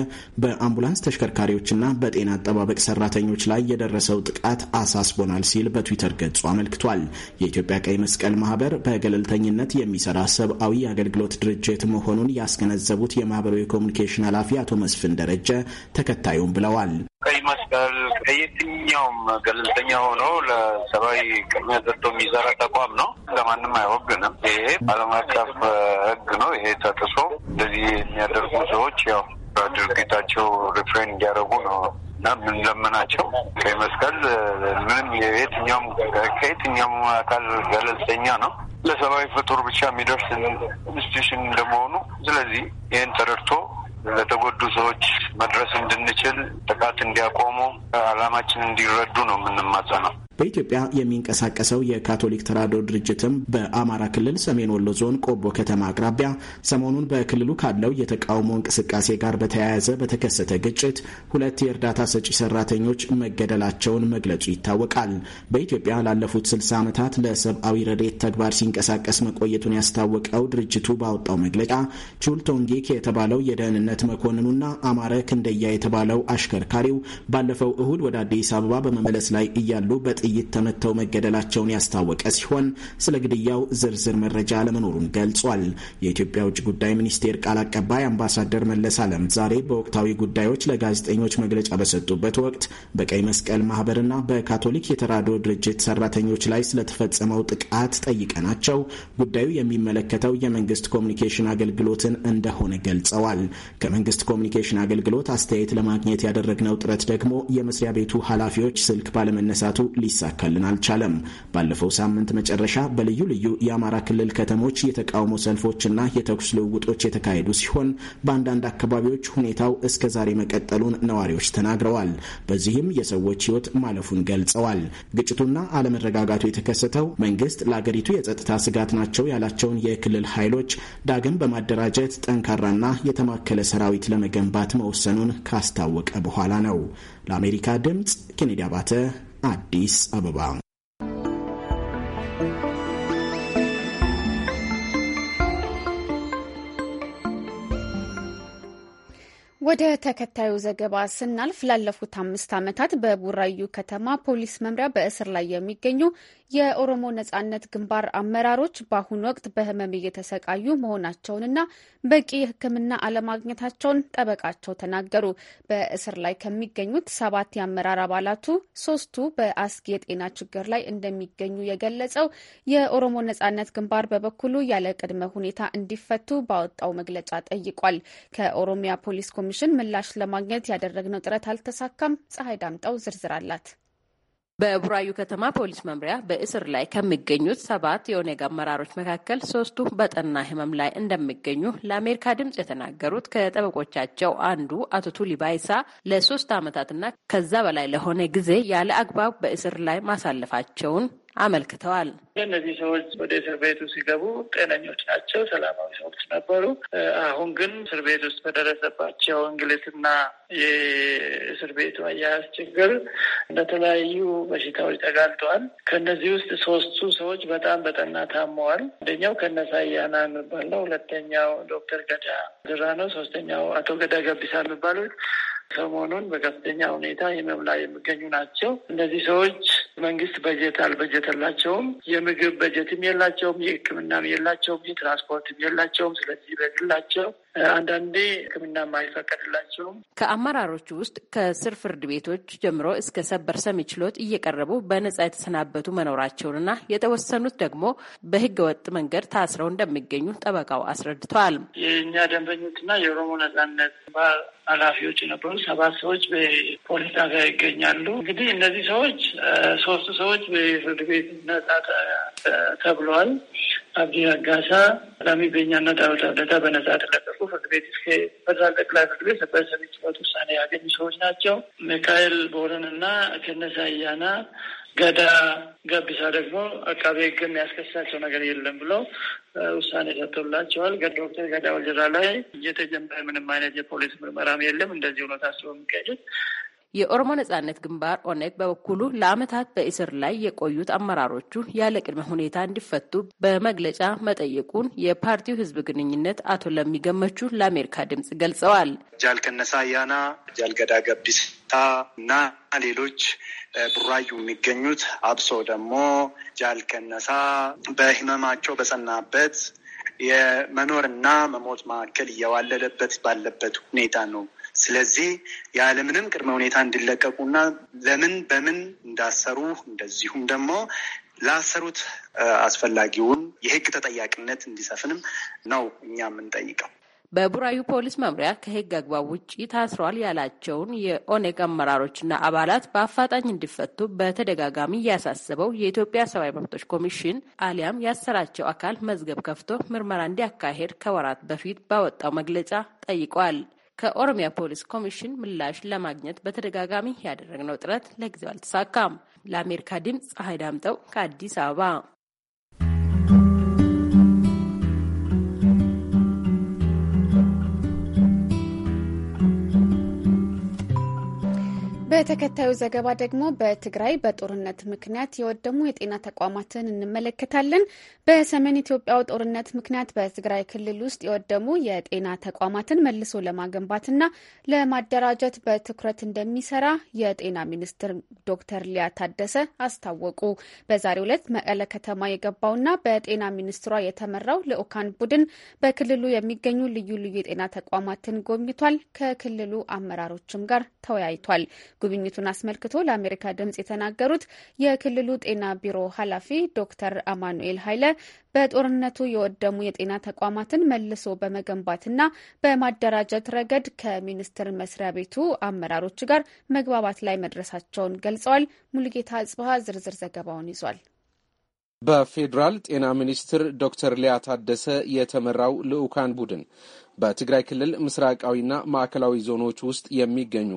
በአምቡላንስ ተሽከርካሪዎችና በጤና አጠባበቅ ሰራተኞች ላይ የደረሰው ጥቃት አሳስቦናል ሲል በትዊተር ገጹ አመልክቷል። የኢትዮጵያ ቀይ መስቀል ማህበር በገለልተኝነት የሚሰራ ሰብአዊ አገልግሎት ድርጅት መሆኑን ያስገነዘቡት የማህበራዊ የኮሚኒኬሽን ኃላፊ አቶ መስፍን ደረጃ እንደመነጨ ተከታዩም ብለዋል። ቀይ መስቀል ከየትኛውም ገለልተኛ ሆኖ ለሰብአዊ ቅድሚያ ሰጥቶ የሚሰራ ተቋም ነው። ለማንም አይወግንም። ይሄ ዓለም አቀፍ ሕግ ነው። ይሄ ተጥሶ እንደዚህ የሚያደርጉ ሰዎች ያው በድርጊታቸው ሪፍሬን እንዲያደርጉ ነው እና ምንለምናቸው ቀይ መስቀል ምንም የየትኛውም ከየትኛውም አካል ገለልተኛ ነው። ለሰብአዊ ፍጡር ብቻ የሚደርስ ኢንስቲቱሽን እንደመሆኑ ስለዚህ ይህን ተረድቶ ለተጎዱ ሰዎች መድረስ እንድንችል ጥቃት እንዲያቆሙ አላማችን እንዲረዱ ነው የምንማጸነው። በኢትዮጵያ የሚንቀሳቀሰው የካቶሊክ ተራድኦ ድርጅትም በአማራ ክልል ሰሜን ወሎ ዞን ቆቦ ከተማ አቅራቢያ ሰሞኑን በክልሉ ካለው የተቃውሞ እንቅስቃሴ ጋር በተያያዘ በተከሰተ ግጭት ሁለት የእርዳታ ሰጪ ሰራተኞች መገደላቸውን መግለጹ ይታወቃል። በኢትዮጵያ ላለፉት 60 ዓመታት ለሰብአዊ ረዴት ተግባር ሲንቀሳቀስ መቆየቱን ያስታወቀው ድርጅቱ ባወጣው መግለጫ ቹልቶንጌክ የተባለው የደህንነት መኮንኑና አማረ ክንደያ የተባለው አሽከርካሪው ባለፈው እሁድ ወደ አዲስ አበባ በመመለስ ላይ እያሉ በጥ በጥይት ተመተው መገደላቸውን ያስታወቀ ሲሆን ስለ ግድያው ዝርዝር መረጃ አለመኖሩን ገልጿል። የኢትዮጵያ ውጭ ጉዳይ ሚኒስቴር ቃል አቀባይ አምባሳደር መለስ አለም ዛሬ በወቅታዊ ጉዳዮች ለጋዜጠኞች መግለጫ በሰጡበት ወቅት በቀይ መስቀል ማህበርና በካቶሊክ የተራድኦ ድርጅት ሰራተኞች ላይ ስለተፈጸመው ጥቃት ጠይቀናቸው ጉዳዩ የሚመለከተው የመንግስት ኮሚኒኬሽን አገልግሎትን እንደሆነ ገልጸዋል። ከመንግስት ኮሚኒኬሽን አገልግሎት አስተያየት ለማግኘት ያደረግነው ጥረት ደግሞ የመስሪያ ቤቱ ኃላፊዎች ስልክ ባለመነሳቱ ሊ ሊሳካልን አልቻለም። ባለፈው ሳምንት መጨረሻ በልዩ ልዩ የአማራ ክልል ከተሞች የተቃውሞ ሰልፎችና የተኩስ ልውውጦች የተካሄዱ ሲሆን በአንዳንድ አካባቢዎች ሁኔታው እስከ ዛሬ መቀጠሉን ነዋሪዎች ተናግረዋል። በዚህም የሰዎች ሕይወት ማለፉን ገልጸዋል። ግጭቱና አለመረጋጋቱ የተከሰተው መንግስት ለአገሪቱ የጸጥታ ስጋት ናቸው ያላቸውን የክልል ኃይሎች ዳግም በማደራጀት ጠንካራና የተማከለ ሰራዊት ለመገንባት መወሰኑን ካስታወቀ በኋላ ነው። ለአሜሪካ ድምፅ ኬኔዲ አባተ አዲስ አበባ። ወደ ተከታዩ ዘገባ ስናልፍ ላለፉት አምስት ዓመታት በቡራዩ ከተማ ፖሊስ መምሪያ በእስር ላይ የሚገኙ የኦሮሞ ነጻነት ግንባር አመራሮች በአሁኑ ወቅት በህመም እየተሰቃዩ መሆናቸውንና በቂ የሕክምና አለማግኘታቸውን ጠበቃቸው ተናገሩ። በእስር ላይ ከሚገኙት ሰባት የአመራር አባላቱ ሶስቱ በአስጊ የጤና ችግር ላይ እንደሚገኙ የገለጸው የኦሮሞ ነጻነት ግንባር በበኩሉ ያለ ቅድመ ሁኔታ እንዲፈቱ ባወጣው መግለጫ ጠይቋል። ከኦሮሚያ ፖሊስ ኮሚሽን ምላሽ ለማግኘት ያደረግነው ጥረት አልተሳካም። ፀሐይ ዳምጠው ዝርዝር አላት። በቡራዩ ከተማ ፖሊስ መምሪያ በእስር ላይ ከሚገኙት ሰባት የኦነግ አመራሮች መካከል ሶስቱ በጠና ህመም ላይ እንደሚገኙ ለአሜሪካ ድምጽ የተናገሩት ከጠበቆቻቸው አንዱ አቶ ቱሊ ባይሳ ለሶስት አመታትና ከዛ በላይ ለሆነ ጊዜ ያለ አግባብ በእስር ላይ ማሳለፋቸውን አመልክተዋል። እነዚህ ሰዎች ወደ እስር ቤቱ ሲገቡ ጤነኞች ናቸው፣ ሰላማዊ ሰዎች ነበሩ። አሁን ግን እስር ቤት ውስጥ በደረሰባቸው እንግልትና የእስር ቤቱ አያያዝ ችግር ለተለያዩ በሽታዎች ተጋልጠዋል። ከእነዚህ ውስጥ ሶስቱ ሰዎች በጣም በጠና ታመዋል። አንደኛው ከነሳ አያና የሚባል ነው። ሁለተኛው ዶክተር ገዳ ድራ ነው። ሶስተኛው አቶ ገዳ ገቢሳ የሚባሉት ሰሞኑን በከፍተኛ ሁኔታ ህመም ላይ የሚገኙ ናቸው። እነዚህ ሰዎች መንግስት በጀት አልበጀተላቸውም። የምግብ በጀትም የላቸውም፣ የህክምናም የላቸውም፣ የትራንስፖርትም የላቸውም። ስለዚህ በግላቸው አንዳንዴ ሕክምና የማይፈቀድላቸውም ከአመራሮች ውስጥ ከስር ፍርድ ቤቶች ጀምሮ እስከ ሰበር ሰሚ ችሎት እየቀረቡ በነጻ የተሰናበቱ መኖራቸውንና የተወሰኑት ደግሞ በህገ ወጥ መንገድ ታስረው እንደሚገኙ ጠበቃው አስረድተዋል። የእኛ ደንበኞችና የኦሮሞ ነጻነት ኃላፊዎች የነበሩ ሰባት ሰዎች በፖሊስ ጣቢያ ይገኛሉ። እንግዲህ እነዚህ ሰዎች ሶስቱ ሰዎች በፍርድ ቤት ነጻ ተብለዋል። አብዲ ረጋሳ ቀዳሚ በእኛና ዳዊት አብደታ በነጻ ተለቀቁ። ፍርድ ቤት እስከ ፌደራል ጠቅላይ ፍርድ ቤት ሰበር ሰሚ ችሎት ውሳኔ ያገኙ ሰዎች ናቸው። ሚካኤል ቦረን ቦረንና ከነሳ አያና ገዳ ገቢሳ ደግሞ አቃቤ ሕግ የሚያስከሳቸው ነገር የለም ብለው ውሳኔ ሰጥቶላቸዋል። ዶክተር ገዳ ወጀራ ላይ እየተጀመረ ምንም አይነት የፖሊስ ምርመራም የለም። እንደዚህ ሆኖ ታስበው የሚገኙት የኦሮሞ ነጻነት ግንባር ኦነግ በበኩሉ ለዓመታት በእስር ላይ የቆዩት አመራሮቹ ያለ ቅድመ ሁኔታ እንዲፈቱ በመግለጫ መጠየቁን የፓርቲው ህዝብ ግንኙነት አቶ ለሚገመቹ ለአሜሪካ ድምጽ ገልጸዋል። ጃልከነሳ አያና፣ ጃልገዳ ገቢሳ እና ሌሎች ቡራዩ የሚገኙት አብሶ ደግሞ ጃልከነሳ በህመማቸው በጸናበት የመኖርና መሞት መካከል እየዋለለበት ባለበት ሁኔታ ነው ስለዚህ ያለምንም ቅድመ ሁኔታ እንዲለቀቁና ለምን በምን እንዳሰሩ እንደዚሁም ደግሞ ላሰሩት አስፈላጊውን የህግ ተጠያቂነት እንዲሰፍንም ነው እኛ የምንጠይቀው። በቡራዩ ፖሊስ መምሪያ ከህግ አግባብ ውጭ ታስረዋል ያላቸውን የኦኔግ አመራሮችና አባላት በአፋጣኝ እንዲፈቱ በተደጋጋሚ ያሳሰበው የኢትዮጵያ ሰብአዊ መብቶች ኮሚሽን አሊያም ያሰራቸው አካል መዝገብ ከፍቶ ምርመራ እንዲያካሄድ ከወራት በፊት ባወጣው መግለጫ ጠይቋል። ከኦሮሚያ ፖሊስ ኮሚሽን ምላሽ ለማግኘት በተደጋጋሚ ያደረግነው ጥረት ለጊዜው አልተሳካም። ለአሜሪካ ድምፅ ፀሐይ ዳምጠው ከአዲስ አበባ በተከታዩ ዘገባ ደግሞ በትግራይ በጦርነት ምክንያት የወደሙ የጤና ተቋማትን እንመለከታለን። በሰሜን ኢትዮጵያው ጦርነት ምክንያት በትግራይ ክልል ውስጥ የወደሙ የጤና ተቋማትን መልሶ ለማገንባትና ለማደራጀት በትኩረት እንደሚሰራ የጤና ሚኒስትር ዶክተር ሊያ ታደሰ አስታወቁ። በዛሬው ዕለት መቀለ ከተማ የገባውና በጤና ሚኒስትሯ የተመራው ልዑካን ቡድን በክልሉ የሚገኙ ልዩ ልዩ የጤና ተቋማትን ጎብኝቷል። ከክልሉ አመራሮችም ጋር ተወያይቷል። ጉብኝቱን አስመልክቶ ለአሜሪካ ድምጽ የተናገሩት የክልሉ ጤና ቢሮ ኃላፊ ዶክተር አማኑኤል ኃይለ በጦርነቱ የወደሙ የጤና ተቋማትን መልሶ በመገንባትና በማደራጀት ረገድ ከሚኒስቴር መስሪያ ቤቱ አመራሮች ጋር መግባባት ላይ መድረሳቸውን ገልጸዋል። ሙሉጌታ አጽበሀ ዝርዝር ዘገባውን ይዟል። በፌዴራል ጤና ሚኒስትር ዶክተር ሊያ ታደሰ የተመራው ልዑካን ቡድን በትግራይ ክልል ምስራቃዊና ማዕከላዊ ዞኖች ውስጥ የሚገኙ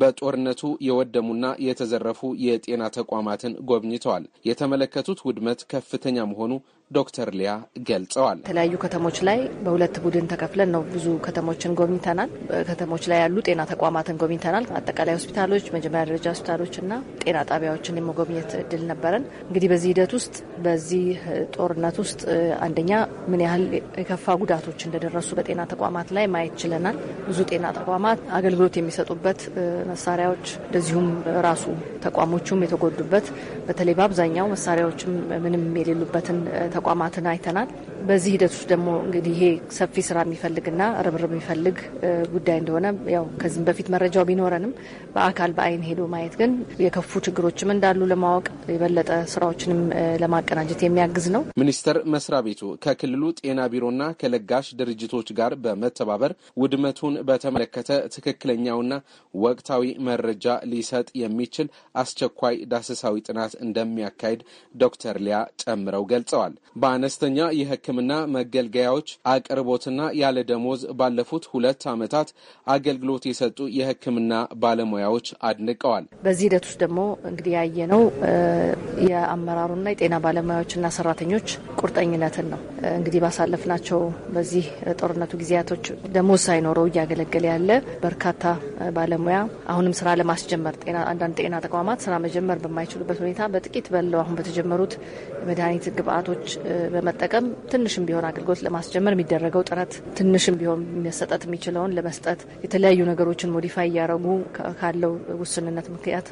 በጦርነቱ የወደሙና የተዘረፉ የጤና ተቋማትን ጎብኝተዋል። የተመለከቱት ውድመት ከፍተኛ መሆኑ ዶክተር ሊያ ገልጸዋል። የተለያዩ ከተሞች ላይ በሁለት ቡድን ተከፍለን ነው ብዙ ከተሞችን ጎብኝተናል። ከተሞች ላይ ያሉ ጤና ተቋማትን ጎብኝተናል። አጠቃላይ ሆስፒታሎች፣ መጀመሪያ ደረጃ ሆስፒታሎችና ጤና ጣቢያዎችን የመጎብኘት እድል ነበረን። እንግዲህ በዚህ ሂደት ውስጥ በዚህ ጦርነት ውስጥ አንደኛ ምን ያህል የከፋ ጉዳቶች እንደደረሱ በጤና ተቋማት ላይ ማየት ችለናል። ብዙ ጤና ተቋማት አገልግሎት የሚሰጡበት መሳሪያዎች፣ እንደዚሁም ራሱ ተቋሞቹም የተጎዱበት በተለይ በአብዛኛው መሳሪያዎችም ምንም የሌሉበትን ተቋማትን አይተናል። በዚህ ሂደት ውስጥ ደግሞ እንግዲህ ይሄ ሰፊ ስራ የሚፈልግና ርብርብ የሚፈልግ ጉዳይ እንደሆነ ያው ከዚህም በፊት መረጃው ቢኖረንም በአካል በአይን ሄዶ ማየት ግን የከፉ ችግሮችም እንዳሉ ለማወቅ የበለጠ ስራዎችንም ለማቀናጀት የሚያግዝ ነው። ሚኒስቴር መስሪያ ቤቱ ከክልሉ ጤና ቢሮና ከለጋሽ ድርጅቶች ጋር በመተባበር ውድመቱን በተመለከተ ትክክለኛውና ወቅታዊ መረጃ ሊሰጥ የሚችል አስቸኳይ ዳሰሳዊ ጥናት እንደሚያካሂድ ዶክተር ሊያ ጨምረው ገልጸዋል። በአነስተኛ የህክ የሕክምና መገልገያዎች አቅርቦትና ያለ ደሞዝ ባለፉት ሁለት ዓመታት አገልግሎት የሰጡ የሕክምና ባለሙያዎች አድንቀዋል። በዚህ ሂደት ውስጥ ደግሞ እንግዲህ ያየነው የአመራሩና የጤና ባለሙያዎችና ሰራተኞች ቁርጠኝነትን ነው። እንግዲህ ባሳለፍናቸው በዚህ ጦርነቱ ጊዜያቶች ደሞዝ ሳይኖረው እያገለገለ ያለ በርካታ ባለሙያ አሁንም ስራ ለማስጀመር አንዳንድ ጤና ተቋማት ስራ መጀመር በማይችሉበት ሁኔታ በጥቂት በለው አሁን በተጀመሩት መድኃኒት ግብአቶች በመጠቀም ትንሽም ቢሆን አገልግሎት ለማስጀመር የሚደረገው ጥረት ትንሽም ቢሆን መሰጠት የሚችለውን ለመስጠት የተለያዩ ነገሮችን ሞዲፋይ እያደረጉ ካለው ውስንነት ምክንያት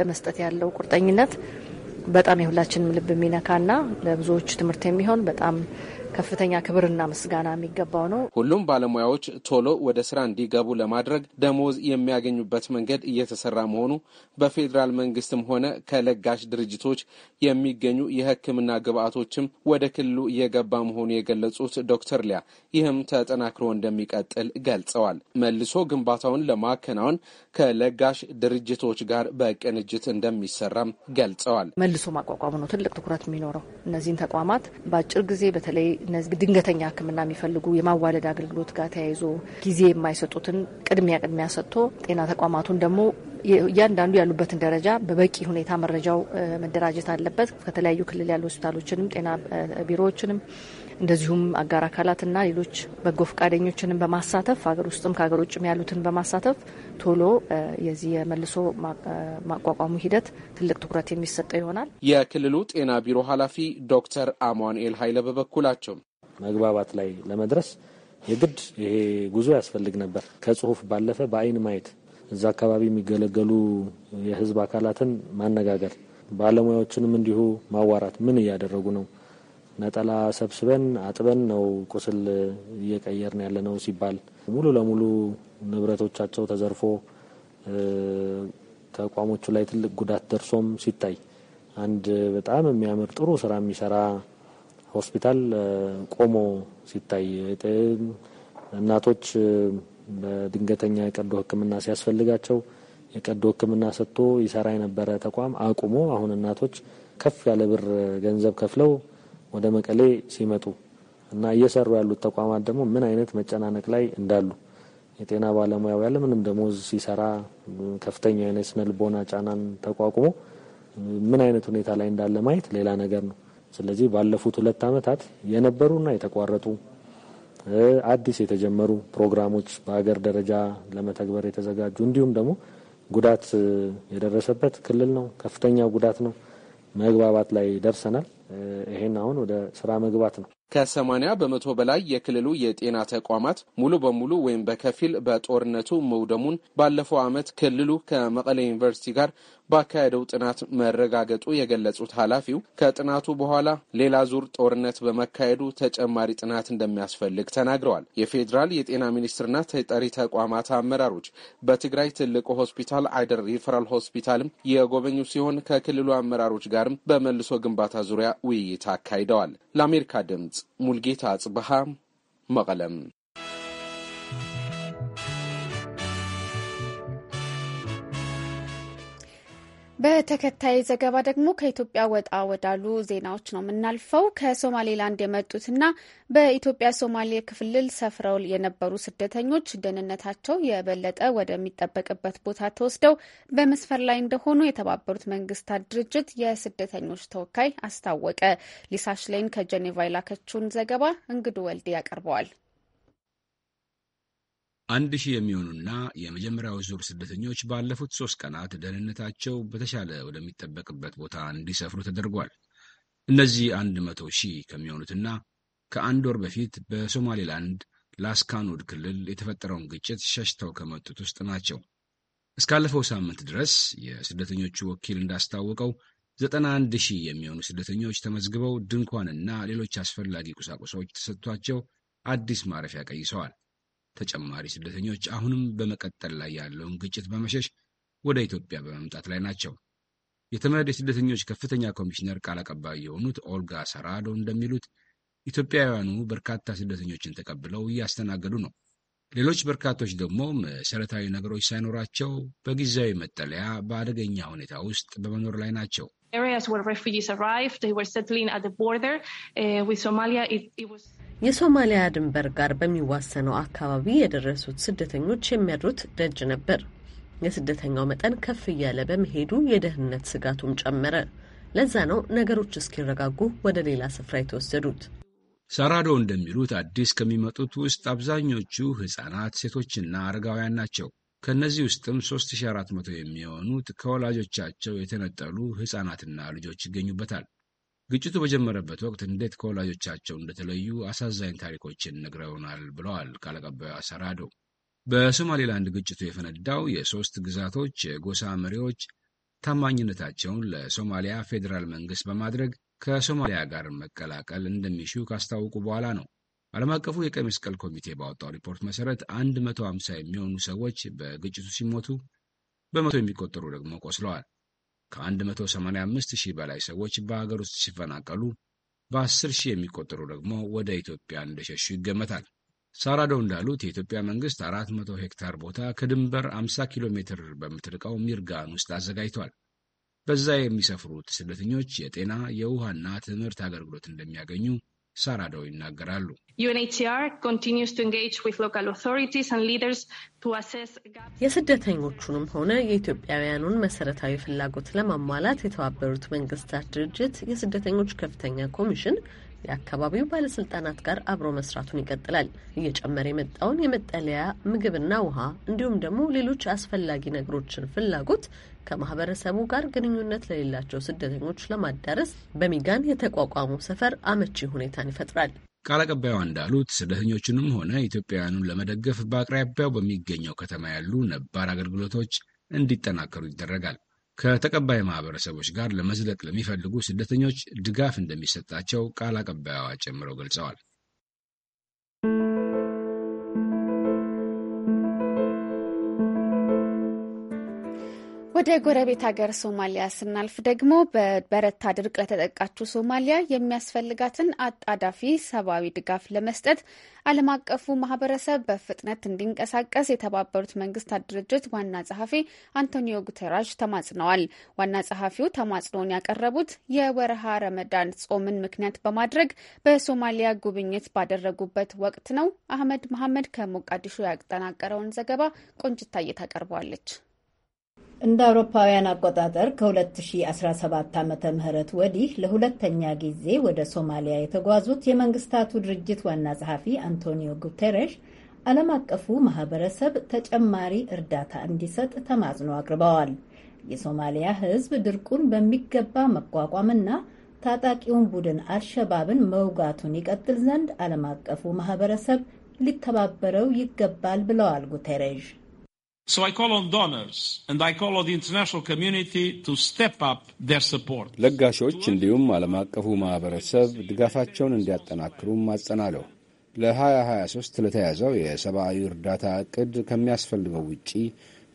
ለመስጠት ያለው ቁርጠኝነት በጣም የሁላችንም ልብ የሚነካና ለብዙዎች ትምህርት የሚሆን በጣም ከፍተኛ ክብርና ምስጋና የሚገባው ነው። ሁሉም ባለሙያዎች ቶሎ ወደ ስራ እንዲገቡ ለማድረግ ደሞዝ የሚያገኙበት መንገድ እየተሰራ መሆኑ በፌዴራል መንግስትም ሆነ ከለጋሽ ድርጅቶች የሚገኙ የሕክምና ግብአቶችም ወደ ክልሉ እየገባ መሆኑ የገለጹት ዶክተር ሊያ ይህም ተጠናክሮ እንደሚቀጥል ገልጸዋል። መልሶ ግንባታውን ለማከናወን ከለጋሽ ድርጅቶች ጋር በቅንጅት እንደሚሰራም ገልጸዋል። መልሶ ማቋቋሙ ነው ትልቅ ትኩረት የሚኖረው እነዚህን ተቋማት በአጭር ጊዜ በተለይ እነዚህ ድንገተኛ ሕክምና የሚፈልጉ የማዋለድ አገልግሎት ጋር ተያይዞ ጊዜ የማይሰጡትን ቅድሚያ ቅድሚያ ሰጥቶ ጤና ተቋማቱን ደግሞ እያንዳንዱ ያሉበትን ደረጃ በበቂ ሁኔታ መረጃው መደራጀት አለበት። ከተለያዩ ክልል ያሉ ሆስፒታሎችንም ጤና ቢሮዎችንም እንደዚሁም አጋር አካላትና ሌሎች በጎ ፈቃደኞችንም በማሳተፍ ሀገር ውስጥም ከሀገር ውጭም ያሉትን በማሳተፍ ቶሎ የዚህ የመልሶ ማቋቋሙ ሂደት ትልቅ ትኩረት የሚሰጠው ይሆናል። የክልሉ ጤና ቢሮ ኃላፊ ዶክተር አማኑኤል ኃይለ በበኩላቸው መግባባት ላይ ለመድረስ የግድ ይሄ ጉዞ ያስፈልግ ነበር። ከጽሁፍ ባለፈ በአይን ማየት፣ እዛ አካባቢ የሚገለገሉ የህዝብ አካላትን ማነጋገር፣ ባለሙያዎችንም እንዲሁ ማዋራት ምን እያደረጉ ነው ነጠላ ሰብስበን አጥበን ነው ቁስል እየቀየርን ያለ ነው ሲባል ሙሉ ለሙሉ ንብረቶቻቸው ተዘርፎ ተቋሞቹ ላይ ትልቅ ጉዳት ደርሶም ሲታይ አንድ በጣም የሚያምር ጥሩ ስራ የሚሰራ ሆስፒታል ቆሞ ሲታይ እናቶች በድንገተኛ የቀዶ ሕክምና ሲያስፈልጋቸው የቀዶ ሕክምና ሰጥቶ ይሰራ የነበረ ተቋም አቁሞ አሁን እናቶች ከፍ ያለ ብር ገንዘብ ከፍለው ወደ መቀሌ ሲመጡ እና እየሰሩ ያሉት ተቋማት ደግሞ ምን አይነት መጨናነቅ ላይ እንዳሉ የጤና ባለሙያው ያለ ምንም ደሞዝ ሲሰራ ከፍተኛ የሆነ ስነ ልቦና ጫናን ተቋቁሞ ምን አይነት ሁኔታ ላይ እንዳለ ማየት ሌላ ነገር ነው። ስለዚህ ባለፉት ሁለት ዓመታት የነበሩና የተቋረጡ አዲስ የተጀመሩ ፕሮግራሞች በሀገር ደረጃ ለመተግበር የተዘጋጁ እንዲሁም ደግሞ ጉዳት የደረሰበት ክልል ነው። ከፍተኛ ጉዳት ነው። መግባባት ላይ ደርሰናል። ይሄን አሁን ወደ ስራ መግባት ነው። ከሰማኒያ በመቶ በላይ የክልሉ የጤና ተቋማት ሙሉ በሙሉ ወይም በከፊል በጦርነቱ መውደሙን ባለፈው ዓመት ክልሉ ከመቀሌ ዩኒቨርሲቲ ጋር ባካሄደው ጥናት መረጋገጡ የገለጹት ኃላፊው ከጥናቱ በኋላ ሌላ ዙር ጦርነት በመካሄዱ ተጨማሪ ጥናት እንደሚያስፈልግ ተናግረዋል። የፌዴራል የጤና ሚኒስቴርና ተጠሪ ተቋማት አመራሮች በትግራይ ትልቁ ሆስፒታል አይደር ሪፈራል ሆስፒታልም የጎበኙ ሲሆን ከክልሉ አመራሮች ጋርም በመልሶ ግንባታ ዙሪያ ውይይት አካሂደዋል። ለአሜሪካ ድምጽ ሙልጌታ አጽብሃ መቀለም በተከታይ ዘገባ ደግሞ ከኢትዮጵያ ወጣ ወዳሉ ዜናዎች ነው የምናልፈው። ከሶማሌላንድ የመጡትና በኢትዮጵያ ሶማሌ ክልል ሰፍረው የነበሩ ስደተኞች ደህንነታቸው የበለጠ ወደሚጠበቅበት ቦታ ተወስደው በመስፈር ላይ እንደሆኑ የተባበሩት መንግስታት ድርጅት የስደተኞች ተወካይ አስታወቀ። ሊሳሽሌን ከጀኔቫ የላከችውን ዘገባ እንግዱ ወልድ ያቀርበዋል። አንድ ሺህ የሚሆኑና የመጀመሪያው ዙር ስደተኞች ባለፉት ሶስት ቀናት ደህንነታቸው በተሻለ ወደሚጠበቅበት ቦታ እንዲሰፍሩ ተደርጓል። እነዚህ አንድ መቶ ሺህ ከሚሆኑትና ከአንድ ወር በፊት በሶማሌላንድ ላስካኑድ ክልል የተፈጠረውን ግጭት ሸሽተው ከመጡት ውስጥ ናቸው። እስካለፈው ሳምንት ድረስ የስደተኞቹ ወኪል እንዳስታወቀው ዘጠና አንድ ሺህ የሚሆኑ ስደተኞች ተመዝግበው ድንኳንና ሌሎች አስፈላጊ ቁሳቁሶች ተሰጥቷቸው አዲስ ማረፊያ ቀይሰዋል። ተጨማሪ ስደተኞች አሁንም በመቀጠል ላይ ያለውን ግጭት በመሸሽ ወደ ኢትዮጵያ በመምጣት ላይ ናቸው። የተመድ የስደተኞች ከፍተኛ ኮሚሽነር ቃል አቀባይ የሆኑት ኦልጋ ሰራዶ እንደሚሉት ኢትዮጵያውያኑ በርካታ ስደተኞችን ተቀብለው እያስተናገዱ ነው። ሌሎች በርካቶች ደግሞ መሰረታዊ ነገሮች ሳይኖራቸው በጊዜያዊ መጠለያ በአደገኛ ሁኔታ ውስጥ በመኖር ላይ ናቸው። eh, የሶማሊያ ድንበር ጋር በሚዋሰነው አካባቢ የደረሱት ስደተኞች የሚያድሩት ደጅ ነበር። የስደተኛው መጠን ከፍ እያለ በመሄዱ የደህንነት ስጋቱም ጨመረ። ለዛ ነው ነገሮች እስኪረጋጉ ወደ ሌላ ስፍራ የተወሰዱት። ሳራዶ እንደሚሉት አዲስ ከሚመጡት ውስጥ አብዛኞቹ ሕፃናት፣ ሴቶችና አረጋውያን ናቸው። ከእነዚህ ውስጥም 3400 የሚሆኑት ከወላጆቻቸው የተነጠሉ ሕፃናትና ልጆች ይገኙበታል። ግጭቱ በጀመረበት ወቅት እንዴት ከወላጆቻቸው እንደተለዩ አሳዛኝ ታሪኮችን ነግረውናል ብለዋል ቃል አቀባዩ ሳራዶ። በሶማሌላንድ ግጭቱ የፈነዳው የሦስት ግዛቶች የጎሳ መሪዎች ታማኝነታቸውን ለሶማሊያ ፌዴራል መንግሥት በማድረግ ከሶማሊያ ጋር መቀላቀል እንደሚሹ ካስታወቁ በኋላ ነው። ዓለም አቀፉ የቀይ መስቀል ኮሚቴ ባወጣው ሪፖርት መሰረት 150 የሚሆኑ ሰዎች በግጭቱ ሲሞቱ በመቶ የሚቆጠሩ ደግሞ ቆስለዋል። ከ185 ሺህ በላይ ሰዎች በሀገር ውስጥ ሲፈናቀሉ በ10 ሺህ የሚቆጠሩ ደግሞ ወደ ኢትዮጵያ እንደሸሹ ይገመታል። ሳራዶ እንዳሉት የኢትዮጵያ መንግሥት 400 ሄክታር ቦታ ከድንበር 50 ኪሎ ሜትር በምትርቀው ሚርጋን ውስጥ አዘጋጅቷል። በዛ የሚሰፍሩት ስደተኞች የጤና የውሃና ትምህርት አገልግሎት እንደሚያገኙ ሳራዳው ይናገራሉ። የስደተኞቹንም ሆነ የኢትዮጵያውያኑን መሰረታዊ ፍላጎት ለማሟላት የተባበሩት መንግስታት ድርጅት የስደተኞች ከፍተኛ ኮሚሽን የአካባቢው ባለስልጣናት ጋር አብሮ መስራቱን ይቀጥላል። እየጨመረ የመጣውን የመጠለያ ምግብና ውሃ እንዲሁም ደግሞ ሌሎች አስፈላጊ ነገሮችን ፍላጎት ከማህበረሰቡ ጋር ግንኙነት ለሌላቸው ስደተኞች ለማዳረስ በሚጋን የተቋቋሙ ሰፈር አመቺ ሁኔታን ይፈጥራል። ቃል አቀባዩ እንዳሉት ስደተኞችንም ሆነ ኢትዮጵያውያኑን ለመደገፍ በአቅራቢያው በሚገኘው ከተማ ያሉ ነባር አገልግሎቶች እንዲጠናከሩ ይደረጋል። ከተቀባይ ማህበረሰቦች ጋር ለመዝለቅ ለሚፈልጉ ስደተኞች ድጋፍ እንደሚሰጣቸው ቃል አቀባይዋ ጨምረው ገልጸዋል። ወደ ጎረቤት ሀገር ሶማሊያ ስናልፍ ደግሞ በበረታ ድርቅ ለተጠቃችው ሶማሊያ የሚያስፈልጋትን አጣዳፊ ሰብአዊ ድጋፍ ለመስጠት ዓለም አቀፉ ማህበረሰብ በፍጥነት እንዲንቀሳቀስ የተባበሩት መንግስታት ድርጅት ዋና ጸሐፊ አንቶኒዮ ጉተራሽ ተማጽነዋል። ዋና ጸሐፊው ተማጽኖውን ያቀረቡት የወረሃ ረመዳን ጾምን ምክንያት በማድረግ በሶማሊያ ጉብኝት ባደረጉበት ወቅት ነው። አህመድ መሐመድ ከሞቃዲሾ ያጠናቀረውን ዘገባ ቆንጅታዬ ታቀርበዋለች። እንደ አውሮፓውያን አቆጣጠር ከ2017 ዓ ም ወዲህ ለሁለተኛ ጊዜ ወደ ሶማሊያ የተጓዙት የመንግስታቱ ድርጅት ዋና ጸሐፊ አንቶኒዮ ጉቴሬሽ ዓለም አቀፉ ማህበረሰብ ተጨማሪ እርዳታ እንዲሰጥ ተማጽኖ አቅርበዋል። የሶማሊያ ሕዝብ ድርቁን በሚገባ መቋቋምና ታጣቂውን ቡድን አልሸባብን መውጋቱን ይቀጥል ዘንድ ዓለም አቀፉ ማህበረሰብ ሊተባበረው ይገባል ብለዋል ጉቴሬሽ። ለጋሾች እንዲሁም ዓለም አቀፉ ማህበረሰብ ድጋፋቸውን እንዲያጠናክሩም አጸናለሁ። ለ2023 ለተያዘው የሰብአዊ እርዳታ እቅድ ከሚያስፈልገው ውጪ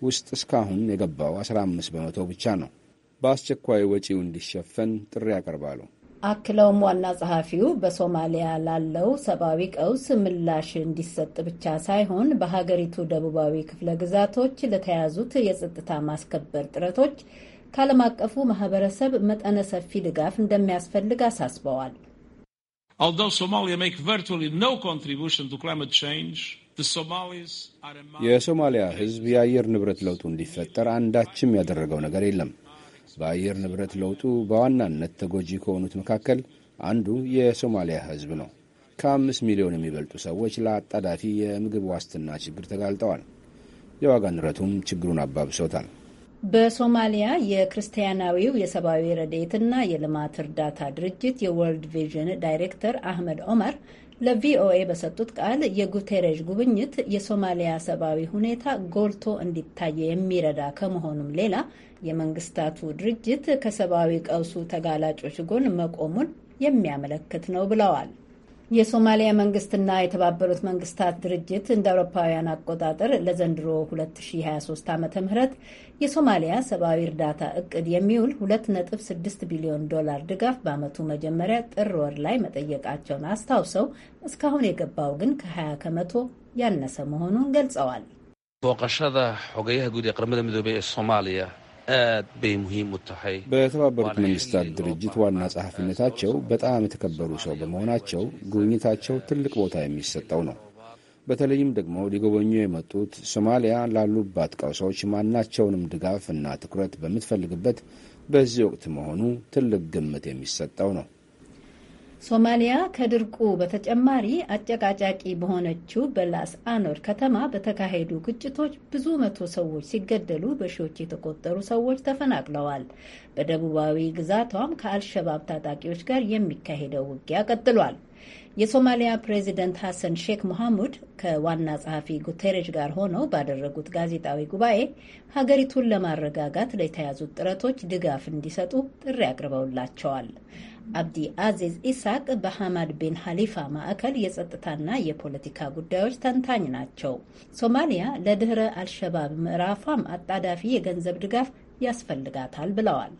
ውስጥ እስካሁን የገባው 15 በመቶ ብቻ ነው። በአስቸኳይ ወጪው እንዲሸፈን ጥሪ ያቀርባሉ። አክለውም ዋና ጸሐፊው በሶማሊያ ላለው ሰብአዊ ቀውስ ምላሽ እንዲሰጥ ብቻ ሳይሆን በሀገሪቱ ደቡባዊ ክፍለ ግዛቶች ለተያዙት የጸጥታ ማስከበር ጥረቶች ከዓለም አቀፉ ማህበረሰብ መጠነ ሰፊ ድጋፍ እንደሚያስፈልግ አሳስበዋል። የሶማሊያ ሕዝብ የአየር ንብረት ለውጡ እንዲፈጠር አንዳችም ያደረገው ነገር የለም። በአየር ንብረት ለውጡ በዋናነት ተጎጂ ከሆኑት መካከል አንዱ የሶማሊያ ሕዝብ ነው። ከአምስት ሚሊዮን የሚበልጡ ሰዎች ለአጣዳፊ የምግብ ዋስትና ችግር ተጋልጠዋል። የዋጋ ንረቱም ችግሩን አባብሶታል። በሶማሊያ የክርስቲያናዊው የሰብአዊ ረድኤትና የልማት እርዳታ ድርጅት የወርልድ ቪዥን ዳይሬክተር አህመድ ኦመር ለቪኦኤ በሰጡት ቃል የጉቴሬዥ ጉብኝት የሶማሊያ ሰብአዊ ሁኔታ ጎልቶ እንዲታይ የሚረዳ ከመሆኑም ሌላ የመንግስታቱ ድርጅት ከሰብአዊ ቀውሱ ተጋላጮች ጎን መቆሙን የሚያመለክት ነው ብለዋል። የሶማሊያ መንግስትና የተባበሩት መንግስታት ድርጅት እንደ አውሮፓውያን አቆጣጠር ለዘንድሮ 2023 ዓ.ም የሶማሊያ ሰብአዊ እርዳታ እቅድ የሚውል 2.6 ቢሊዮን ዶላር ድጋፍ በዓመቱ መጀመሪያ ጥር ወር ላይ መጠየቃቸውን አስታውሰው እስካሁን የገባው ግን ከ20 ከመቶ ያነሰ መሆኑን ገልጸዋል። በተባበሩት መንግስታት ድርጅት ዋና ጸሐፊነታቸው በጣም የተከበሩ ሰው በመሆናቸው ጉብኝታቸው ትልቅ ቦታ የሚሰጠው ነው። በተለይም ደግሞ ሊጎበኙ የመጡት ሶማሊያ ላሉባት ቀውሶች ማናቸውንም ድጋፍ እና ትኩረት በምትፈልግበት በዚህ ወቅት መሆኑ ትልቅ ግምት የሚሰጠው ነው። ሶማሊያ ከድርቁ በተጨማሪ አጨቃጫቂ በሆነችው በላስ አኖድ ከተማ በተካሄዱ ግጭቶች ብዙ መቶ ሰዎች ሲገደሉ በሺዎች የተቆጠሩ ሰዎች ተፈናቅለዋል። በደቡባዊ ግዛቷም ከአልሸባብ ታጣቂዎች ጋር የሚካሄደው ውጊያ ቀጥሏል። የሶማሊያ ፕሬዚደንት ሐሰን ሼክ መሐሙድ ከዋና ጸሐፊ ጉቴሬሽ ጋር ሆነው ባደረጉት ጋዜጣዊ ጉባኤ ሀገሪቱን ለማረጋጋት ለተያዙት ጥረቶች ድጋፍ እንዲሰጡ ጥሪ አቅርበውላቸዋል። አብዲ አዚዝ ኢስሐቅ በሐማድ ቢን ሐሊፋ ማዕከል የጸጥታና የፖለቲካ ጉዳዮች ተንታኝ ናቸው። ሶማሊያ ለድህረ አልሸባብ ምዕራፏም አጣዳፊ የገንዘብ ድጋፍ ያስፈልጋታል ብለዋል።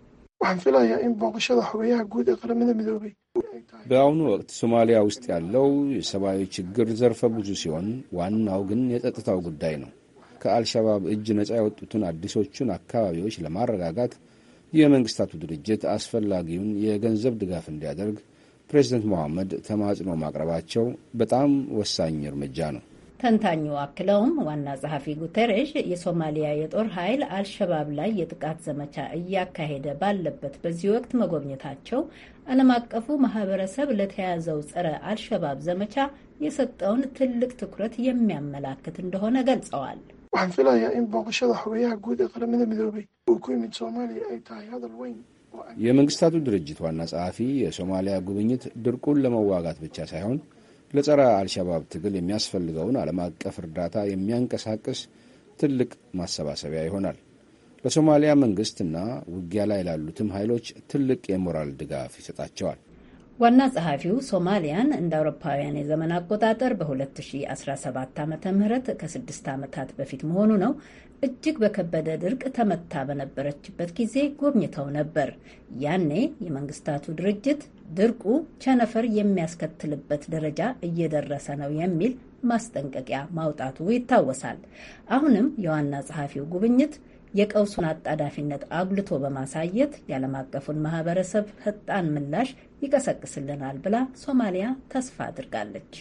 በአሁኑ ወቅት ሶማሊያ ውስጥ ያለው የሰብአዊ ችግር ዘርፈ ብዙ ሲሆን ዋናው ግን የጸጥታው ጉዳይ ነው። ከአልሸባብ እጅ ነጻ የወጡትን አዲሶቹን አካባቢዎች ለማረጋጋት የመንግስታቱ ድርጅት አስፈላጊውን የገንዘብ ድጋፍ እንዲያደርግ ፕሬዚደንት መሐመድ ተማጽኖ ማቅረባቸው በጣም ወሳኝ እርምጃ ነው። ተንታኙ አክለውም ዋና ጸሐፊ ጉተሬሽ የሶማሊያ የጦር ኃይል አልሸባብ ላይ የጥቃት ዘመቻ እያካሄደ ባለበት በዚህ ወቅት መጎብኘታቸው ዓለም አቀፉ ማህበረሰብ ለተያዘው ጸረ አልሸባብ ዘመቻ የሰጠውን ትልቅ ትኩረት የሚያመላክት እንደሆነ ገልጸዋል። waxaan filayaa in booqashada xoghayaha guud ee qaramada midoobay uu ku yimid soomaaliya ay tahay hadal weyn የመንግስታቱ ድርጅት ዋና ጸሐፊ የሶማሊያ ጉብኝት ድርቁን ለመዋጋት ብቻ ሳይሆን ለጸረ አልሸባብ ትግል የሚያስፈልገውን ዓለም አቀፍ እርዳታ የሚያንቀሳቅስ ትልቅ ማሰባሰቢያ ይሆናል። ለሶማሊያ መንግስትና ውጊያ ላይ ላሉትም ኃይሎች ትልቅ የሞራል ድጋፍ ይሰጣቸዋል። ዋና ጸሐፊው ሶማሊያን እንደ አውሮፓውያን የዘመን አቆጣጠር በ2017 ዓ ም ከስድስት ዓመታት በፊት መሆኑ ነው እጅግ በከበደ ድርቅ ተመታ በነበረችበት ጊዜ ጎብኝተው ነበር። ያኔ የመንግስታቱ ድርጅት ድርቁ ቸነፈር የሚያስከትልበት ደረጃ እየደረሰ ነው የሚል ማስጠንቀቂያ ማውጣቱ ይታወሳል። አሁንም የዋና ጸሐፊው ጉብኝት የቀውሱን አጣዳፊነት አጉልቶ በማሳየት የዓለም አቀፉን ማህበረሰብ ፈጣን ምላሽ ይቀሰቅስልናል ብላ ሶማሊያ ተስፋ አድርጋለች።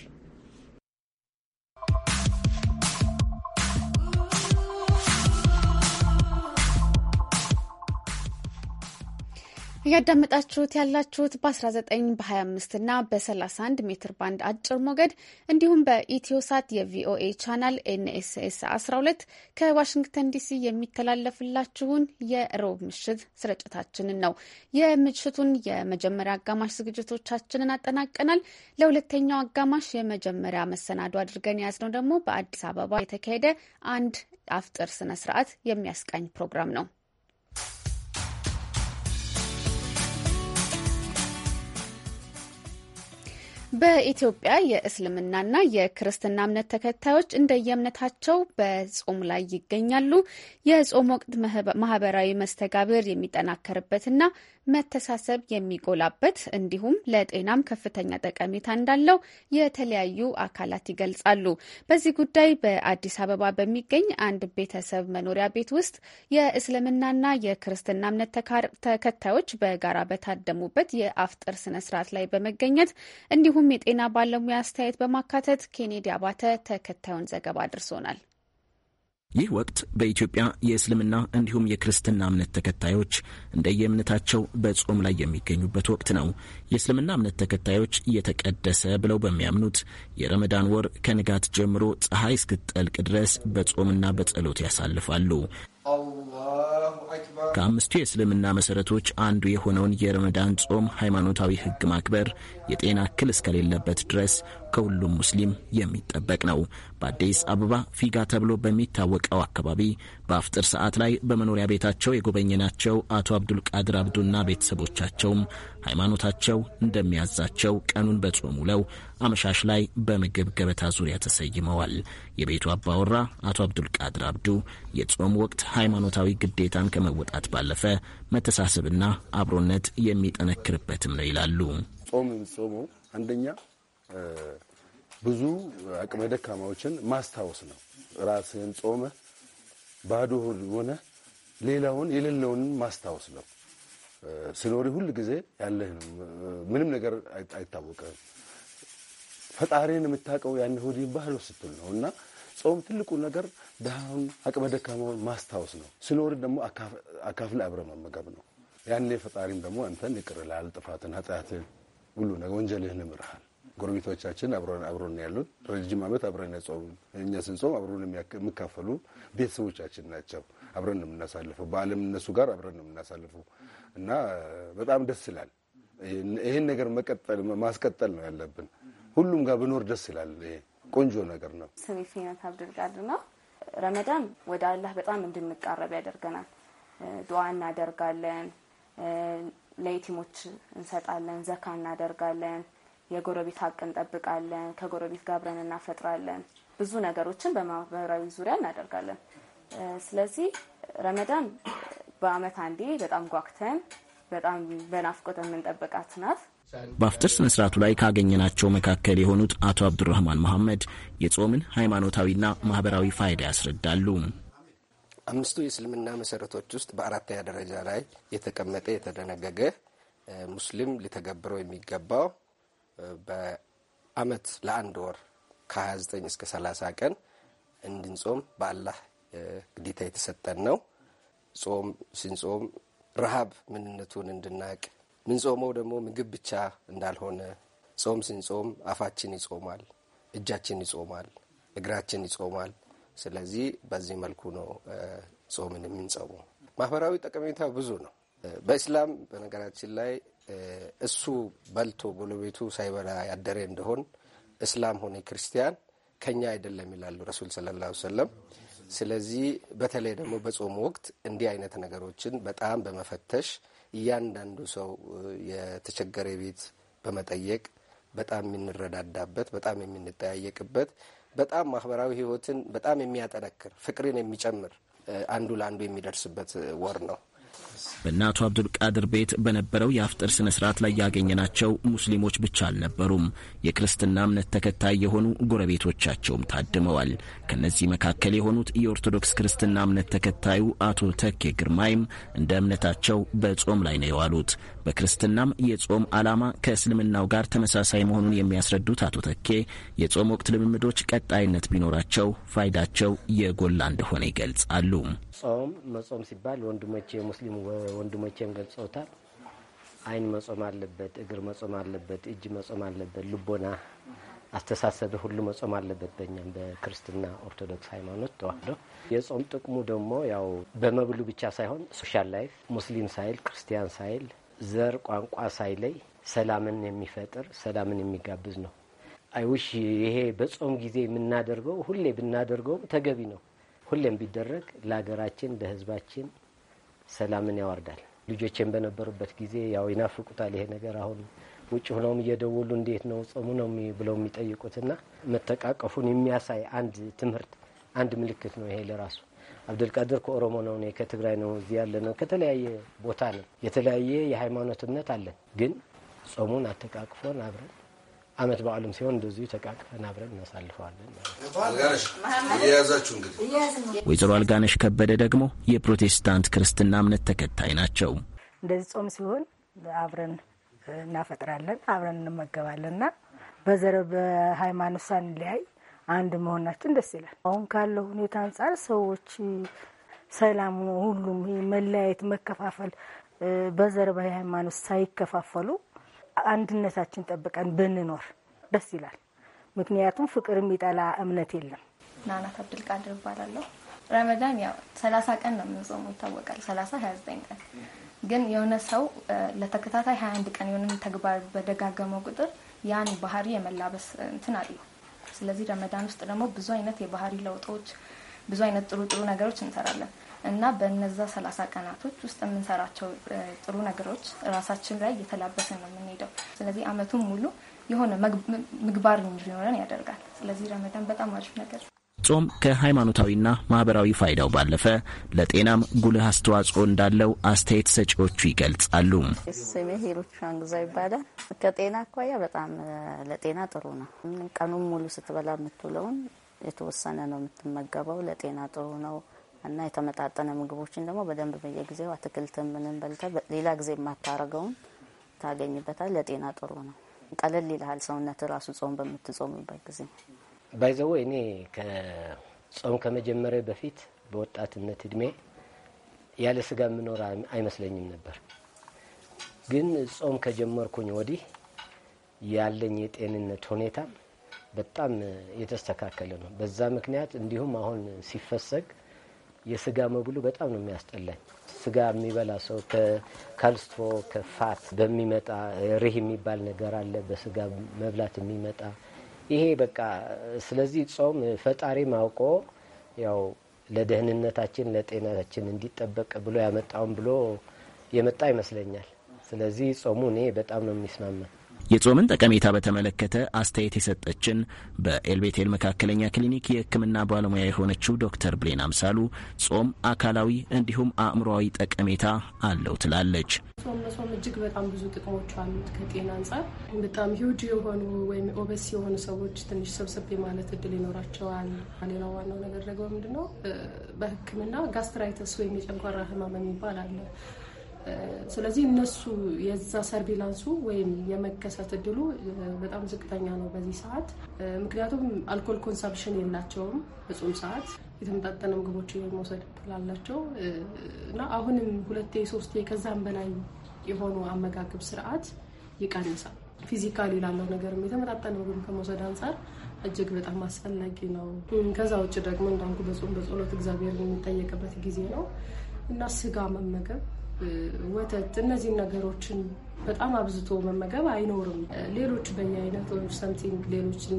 እያዳመጣችሁት ያላችሁት በ19 በ25 እና በ31 ሜትር ባንድ አጭር ሞገድ እንዲሁም በኢትዮሳት የቪኦኤ ቻናል ኤንኤስኤስ 12 ከዋሽንግተን ዲሲ የሚተላለፍላችሁን የሮብ ምሽት ስርጭታችንን ነው። የምሽቱን የመጀመሪያ አጋማሽ ዝግጅቶቻችንን አጠናቀናል። ለሁለተኛው አጋማሽ የመጀመሪያ መሰናዶ አድርገን የያዝነው ደግሞ በአዲስ አበባ የተካሄደ አንድ አፍጥር ስነስርዓት የሚያስቃኝ ፕሮግራም ነው። በኢትዮጵያ የእስልምናና የክርስትና እምነት ተከታዮች እንደየእምነታቸው በጾም ላይ ይገኛሉ። የጾም ወቅት ማህበራዊ መስተጋብር የሚጠናከርበትና መተሳሰብ የሚጎላበት እንዲሁም ለጤናም ከፍተኛ ጠቀሜታ እንዳለው የተለያዩ አካላት ይገልጻሉ። በዚህ ጉዳይ በአዲስ አበባ በሚገኝ አንድ ቤተሰብ መኖሪያ ቤት ውስጥ የእስልምናና የክርስትና እምነት ተከታዮች በጋራ በታደሙበት የአፍጥር ስነ ስርዓት ላይ በመገኘት እንዲሁም የጤና ባለሙያ አስተያየት በማካተት ኬኔዲ አባተ ተከታዩን ዘገባ አድርሶናል። ይህ ወቅት በኢትዮጵያ የእስልምና እንዲሁም የክርስትና እምነት ተከታዮች እንደየእምነታቸው በጾም ላይ የሚገኙበት ወቅት ነው። የእስልምና እምነት ተከታዮች እየተቀደሰ ብለው በሚያምኑት የረመዳን ወር ከንጋት ጀምሮ ፀሐይ እስክትጠልቅ ድረስ በጾምና በጸሎት ያሳልፋሉ። ከአምስቱ የእስልምና መሰረቶች አንዱ የሆነውን የረመዳን ጾም ሃይማኖታዊ ሕግ ማክበር የጤና እክል እስከሌለበት ድረስ ከሁሉም ሙስሊም የሚጠበቅ ነው። በአዲስ አበባ ፊጋ ተብሎ በሚታወቀው አካባቢ በአፍጥር ሰዓት ላይ በመኖሪያ ቤታቸው የጎበኘናቸው አቶ አብዱልቃድር አብዱና ቤተሰቦቻቸውም ሃይማኖታቸው እንደሚያዛቸው ቀኑን በጾም ውለው አመሻሽ ላይ በምግብ ገበታ ዙሪያ ተሰይመዋል። የቤቱ አባወራ አቶ አብዱልቃድር አብዱ የጾም ወቅት ሃይማኖት መሰረታዊ ግዴታን ከመወጣት ባለፈ መተሳሰብና አብሮነት የሚጠነክርበትም ነው ይላሉ። ጾም የሚጾመው አንደኛ ብዙ አቅመ ደካማዎችን ማስታወስ ነው። ራስህን ጾመ ባዶ ሆነ ሌላውን የሌለውን ማስታወስ ነው። ስኖሪ ሁል ጊዜ ያለህ ምንም ነገር አይታወቅህም። ፈጣሪን የምታውቀው ያን ሆድህን ባህል ስትል ነው እና ጾም ትልቁ ነገር ድሃውን አቅመ ደካማውን ማስታወስ ነው። ሲኖርን ደግሞ አካፍለ አብረ መመገብ ነው። ያኔ ፈጣሪም ደግሞ አንተን ይቅር ይልሃል። ጥፋትን፣ ኃጢአትን ሁሉ ወንጀልህን ይምርሃል። ጎረቤቶቻችን አብሮን ያሉት ረጅም ዓመት አብረን ያጾሙ እኛ ስንጾም አብሮን የሚካፈሉ ቤተሰቦቻችን ናቸው። አብረን የምናሳልፈው በዓለም እነሱ ጋር አብረን የምናሳልፈው እና በጣም ደስ ይላል። ይህን ነገር መቀጠል ማስቀጠል ነው ያለብን። ሁሉም ጋር ብኖር ደስ ይላል። ይሄ ቆንጆ ነገር ነው። ስሜ ፊነት አብድልቃድር ነው። ረመዳን ወደ አላህ በጣም እንድንቃረብ ያደርገናል። ዱዓ እናደርጋለን፣ ለየቲሞች እንሰጣለን፣ ዘካ እናደርጋለን፣ የጎረቤት ሀቅ እንጠብቃለን፣ ከጎረቤት ጋር አብረን እናፈጥራለን። ብዙ ነገሮችን በማህበራዊ ዙሪያ እናደርጋለን። ስለዚህ ረመዳን በአመት አንዴ በጣም ጓግተን በጣም በናፍቆት የምንጠብቃት ናት። በአፍጥር ስነ ስርዓቱ ላይ ካገኘናቸው መካከል የሆኑት አቶ አብዱራህማን መሐመድ የጾምን ሃይማኖታዊና ማህበራዊ ፋይዳ ያስረዳሉ። አምስቱ የእስልምና መሰረቶች ውስጥ በአራተኛ ደረጃ ላይ የተቀመጠ የተደነገገ ሙስሊም ሊተገብረው የሚገባው በአመት ለአንድ ወር ከ29 እስከ 30 ቀን እንድንጾም በአላህ ግዴታ የተሰጠን ነው። ጾም ስንጾም ረሃብ ምንነቱን እንድናቅ ምንጾመው ደግሞ ምግብ ብቻ እንዳልሆነ ጾም ስንጾም አፋችን ይጾማል፣ እጃችን ይጾማል፣ እግራችን ይጾማል። ስለዚህ በዚህ መልኩ ነው ጾምን የምንጾመው። ማህበራዊ ጠቀሜታ ብዙ ነው። በእስላም በነገራችን ላይ እሱ በልቶ ጎረቤቱ ሳይበላ ያደረ እንደሆን እስላም ሆነ ክርስቲያን ከኛ አይደለም ይላሉ ረሱል ሰለላሁ ሰለም። ስለዚህ በተለይ ደግሞ በጾም ወቅት እንዲህ አይነት ነገሮችን በጣም በመፈተሽ እያንዳንዱ ሰው የተቸገረ ቤት በመጠየቅ በጣም የምንረዳዳበት፣ በጣም የምንጠያየቅበት፣ በጣም ማህበራዊ ህይወትን በጣም የሚያጠነክር ፍቅርን የሚጨምር አንዱ ለአንዱ የሚደርስበት ወር ነው። በእነ አቶ አብዱልቃድር ቤት በነበረው የአፍጥር ስነ ስርዓት ላይ ያገኘናቸው ሙስሊሞች ብቻ አልነበሩም። የክርስትና እምነት ተከታይ የሆኑ ጎረቤቶቻቸውም ታድመዋል። ከእነዚህ መካከል የሆኑት የኦርቶዶክስ ክርስትና እምነት ተከታዩ አቶ ተኬ ግርማይም እንደ እምነታቸው በጾም ላይ ነው የዋሉት። በክርስትናም የጾም ዓላማ ከእስልምናው ጋር ተመሳሳይ መሆኑን የሚያስረዱት አቶ ተኬ የጾም ወቅት ልምምዶች ቀጣይነት ቢኖራቸው ፋይዳቸው የጎላ እንደሆነ ይገልጻሉ። ጾም መጾም ሲባል ወንድሞቼ ወንድሞቼም ገልጸውታል። አይን መጾም አለበት፣ እግር መጾም አለበት፣ እጅ መጾም አለበት፣ ልቦና፣ አስተሳሰብ ሁሉ መጾም አለበት። በእኛም በክርስትና ኦርቶዶክስ ሃይማኖት ተዋህዶ የጾም ጥቅሙ ደግሞ ያው በመብሉ ብቻ ሳይሆን ሶሻል ላይፍ ሙስሊም ሳይል ክርስቲያን ሳይል ዘር ቋንቋ ሳይለይ ሰላምን የሚፈጥር ሰላምን የሚጋብዝ ነው። አይውሽ ይሄ በጾም ጊዜ የምናደርገው ሁሌ ብናደርገውም ተገቢ ነው። ሁሌም ቢደረግ ለሀገራችን ለህዝባችን። ሰላምን ያወርዳል። ልጆቼም በነበሩበት ጊዜ ያው ይናፍቁታል ይሄ ነገር። አሁን ውጭ ሆነውም እየደወሉ እንዴት ነው ጾሙ ነው ብለው የሚጠይቁትና መተቃቀፉን የሚያሳይ አንድ ትምህርት አንድ ምልክት ነው ይሄ ለራሱ አብዱልቃድር ከኦሮሞ ነው፣ እኔ ከትግራይ ነው። እዚህ ያለ ነው ከተለያየ ቦታ ነው። የተለያየ የሃይማኖት እምነት አለን። ግን ጾሙን አተቃቅፎን አብረን አመት በዓሉም ሲሆን እንደዚሁ ተቃቅፈን አብረን እናሳልፈዋለን። ወይዘሮ አልጋነሽ ከበደ ደግሞ የፕሮቴስታንት ክርስትና እምነት ተከታይ ናቸው። እንደዚህ ጾም ሲሆን አብረን እናፈጥራለን፣ አብረን እንመገባለንና በዘረ በሃይማኖት ሳንለያይ አንድ መሆናችን ደስ ይላል። አሁን ካለው ሁኔታ አንጻር ሰዎች ሰላም፣ ሁሉም መለያየት፣ መከፋፈል በዘረ በሃይማኖት ሳይከፋፈሉ አንድነታችን ጠብቀን ብንኖር ደስ ይላል። ምክንያቱም ፍቅር የሚጠላ እምነት የለም። ናናት አብድልቃድር እባላለሁ። ረመዳን ያው ሰላሳ ቀን ነው የምንጾሙ ይታወቃል። ሰላሳ ሀያ ዘጠኝ ቀን ግን የሆነ ሰው ለተከታታይ ሀያ አንድ ቀን የሆነ ተግባር በደጋገመው ቁጥር ያን ባህሪ የመላበስ እንትን አለው። ስለዚህ ረመዳን ውስጥ ደግሞ ብዙ አይነት የባህሪ ለውጦች፣ ብዙ አይነት ጥሩ ጥሩ ነገሮች እንሰራለን። እና በነዛ ሰላሳ ቀናቶች ውስጥ የምንሰራቸው ጥሩ ነገሮች ራሳችን ላይ እየተላበሰ ነው የምንሄደው። ስለዚህ አመቱን ሙሉ የሆነ ምግባር እንዲኖረን ያደርጋል። ስለዚህ ረመዳን በጣም አሪፍ ነገር ጾም ከሃይማኖታዊና ማህበራዊ ፋይዳው ባለፈ ለጤናም ጉልህ አስተዋጽኦ እንዳለው አስተያየት ሰጪዎቹ ይገልጻሉ። ስሜ ሄሮች ይባላል። ከጤና አኳያ በጣም ለጤና ጥሩ ነው። ቀኑን ሙሉ ስትበላ የምትውለውን የተወሰነ ነው የምትመገበው። ለጤና ጥሩ ነው። እና የተመጣጠነ ምግቦችን ደግሞ በደንብ በየጊዜው አትክልት ምንም በልተ ሌላ ጊዜ የማታረገውን ታገኝበታል። ለጤና ጥሩ ነው። ቀለል ይልሃል ሰውነት ራሱ ጾም በምትጾምበት ጊዜ ባይዘው እኔ ጾም ከመጀመሪያ በፊት በወጣትነት እድሜ ያለ ስጋ የምኖር አይመስለኝም ነበር። ግን ጾም ከጀመርኩኝ ወዲህ ያለኝ የጤንነት ሁኔታ በጣም የተስተካከለ ነው። በዛ ምክንያት እንዲሁም አሁን ሲፈሰግ የስጋ መብሉ በጣም ነው የሚያስጠላኝ። ስጋ የሚበላ ሰው ከካልስትሮ ከፋት በሚመጣ ርህ የሚባል ነገር አለ፣ በስጋ መብላት የሚመጣ ይሄ በቃ። ስለዚህ ጾም ፈጣሪም አውቆ ያው ለደህንነታችን ለጤናችን እንዲጠበቅ ብሎ ያመጣውን ብሎ የመጣ ይመስለኛል። ስለዚህ ጾሙ እኔ በጣም ነው የሚስማማኝ። የጾምን ጠቀሜታ በተመለከተ አስተያየት የሰጠችን በኤልቤቴል መካከለኛ ክሊኒክ የሕክምና ባለሙያ የሆነችው ዶክተር ብሌን አምሳሉ ጾም አካላዊ እንዲሁም አእምሮዊ ጠቀሜታ አለው ትላለች። ጾም መጾም እጅግ በጣም ብዙ ጥቅሞች አሉት። ከጤና አንጻር በጣም ሂውጅ የሆኑ ወይም ኦበስ የሆኑ ሰዎች ትንሽ ሰብሰብ የማለት እድል ይኖራቸዋል። ሌላው ዋናው ነገር ደግሞ ምንድነው በሕክምና ጋስትራይተስ ወይም የጨንጓራ ህመም የሚባል አለ ስለዚህ እነሱ የዛ ሰርቪላንሱ ወይም የመከሰት እድሉ በጣም ዝቅተኛ ነው በዚህ ሰዓት። ምክንያቱም አልኮል ኮንሳምፕሽን የላቸውም በጾም ሰዓት የተመጣጠነ ምግቦች መውሰድ ላላቸው እና አሁንም ሁለቴ ሶስቴ ከዛም በላይ የሆኑ አመጋገብ ስርዓት ይቀንሳል። ፊዚካሊ ላለው ነገርም የተመጣጠነ ምግብ ከመውሰድ አንጻር እጅግ በጣም አስፈላጊ ነው። ከዛ ውጭ ደግሞ እንዳልኩ በጾም በጸሎት እግዚአብሔር የሚጠየቅበት ጊዜ ነው እና ስጋ መመገብ ወተት፣ እነዚህ ነገሮችን በጣም አብዝቶ መመገብ አይኖርም። ሌሎች በየአይነት ወይም ሰምቲንግ ሌሎችን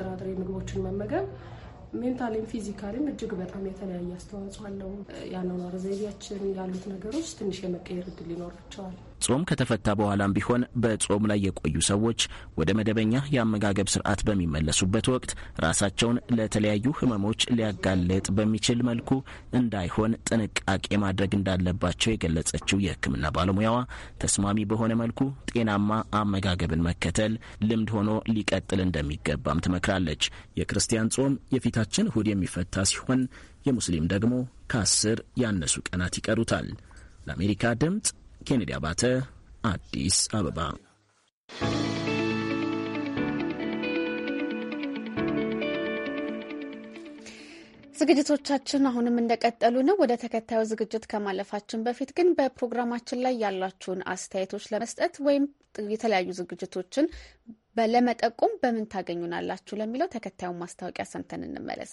ጥራጥሬ ምግቦችን መመገብ ሜንታሊም ፊዚካሊም እጅግ በጣም የተለያየ አስተዋጽኦ አለው። የአኗኗር ዘይቤያችን ያሉት ነገሮች ትንሽ የመቀየር እድል ይኖራቸዋል። ጾም ከተፈታ በኋላም ቢሆን በጾም ላይ የቆዩ ሰዎች ወደ መደበኛ የአመጋገብ ስርዓት በሚመለሱበት ወቅት ራሳቸውን ለተለያዩ ህመሞች ሊያጋለጥ በሚችል መልኩ እንዳይሆን ጥንቃቄ ማድረግ እንዳለባቸው የገለጸችው የህክምና ባለሙያዋ ተስማሚ በሆነ መልኩ ጤናማ አመጋገብን መከተል ልምድ ሆኖ ሊቀጥል እንደሚገባም ትመክራለች። የክርስቲያን ጾም የፊታችን እሁድ የሚፈታ ሲሆን የሙስሊም ደግሞ ከአስር ያነሱ ቀናት ይቀሩታል። ለአሜሪካ ድምጽ ኬኔዲ አባተ አዲስ አበባ። ዝግጅቶቻችን አሁንም እንደቀጠሉ ነው። ወደ ተከታዩ ዝግጅት ከማለፋችን በፊት ግን በፕሮግራማችን ላይ ያላችሁን አስተያየቶች ለመስጠት ወይም የተለያዩ ዝግጅቶችን ለመጠቆም በምን ታገኙናላችሁ ለሚለው ተከታዩን ማስታወቂያ ሰምተን እንመለስ።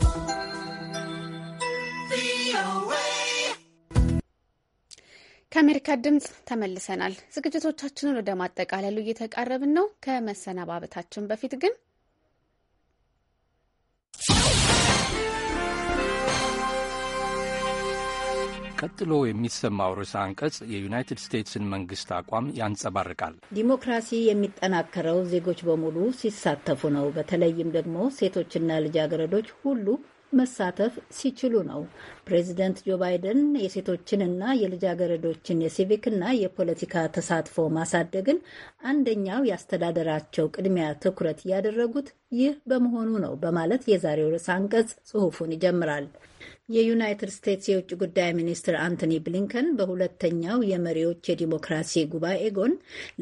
ከአሜሪካ ድምፅ ተመልሰናል። ዝግጅቶቻችንን ወደ ማጠቃለሉ እየተቃረብን ነው። ከመሰናባበታችን በፊት ግን ቀጥሎ የሚሰማው ርዕሰ አንቀጽ የዩናይትድ ስቴትስን መንግስት አቋም ያንጸባርቃል። ዲሞክራሲ የሚጠናከረው ዜጎች በሙሉ ሲሳተፉ ነው። በተለይም ደግሞ ሴቶችና ልጃገረዶች ሁሉ መሳተፍ ሲችሉ ነው። ፕሬዚደንት ጆ ባይደን የሴቶችንና የልጃገረዶችን የሲቪክና የፖለቲካ ተሳትፎ ማሳደግን አንደኛው የአስተዳደራቸው ቅድሚያ ትኩረት ያደረጉት ይህ በመሆኑ ነው በማለት የዛሬው ርዕስ አንቀጽ ጽሑፉን ይጀምራል። የዩናይትድ ስቴትስ የውጭ ጉዳይ ሚኒስትር አንቶኒ ብሊንከን በሁለተኛው የመሪዎች የዲሞክራሲ ጉባኤ ጎን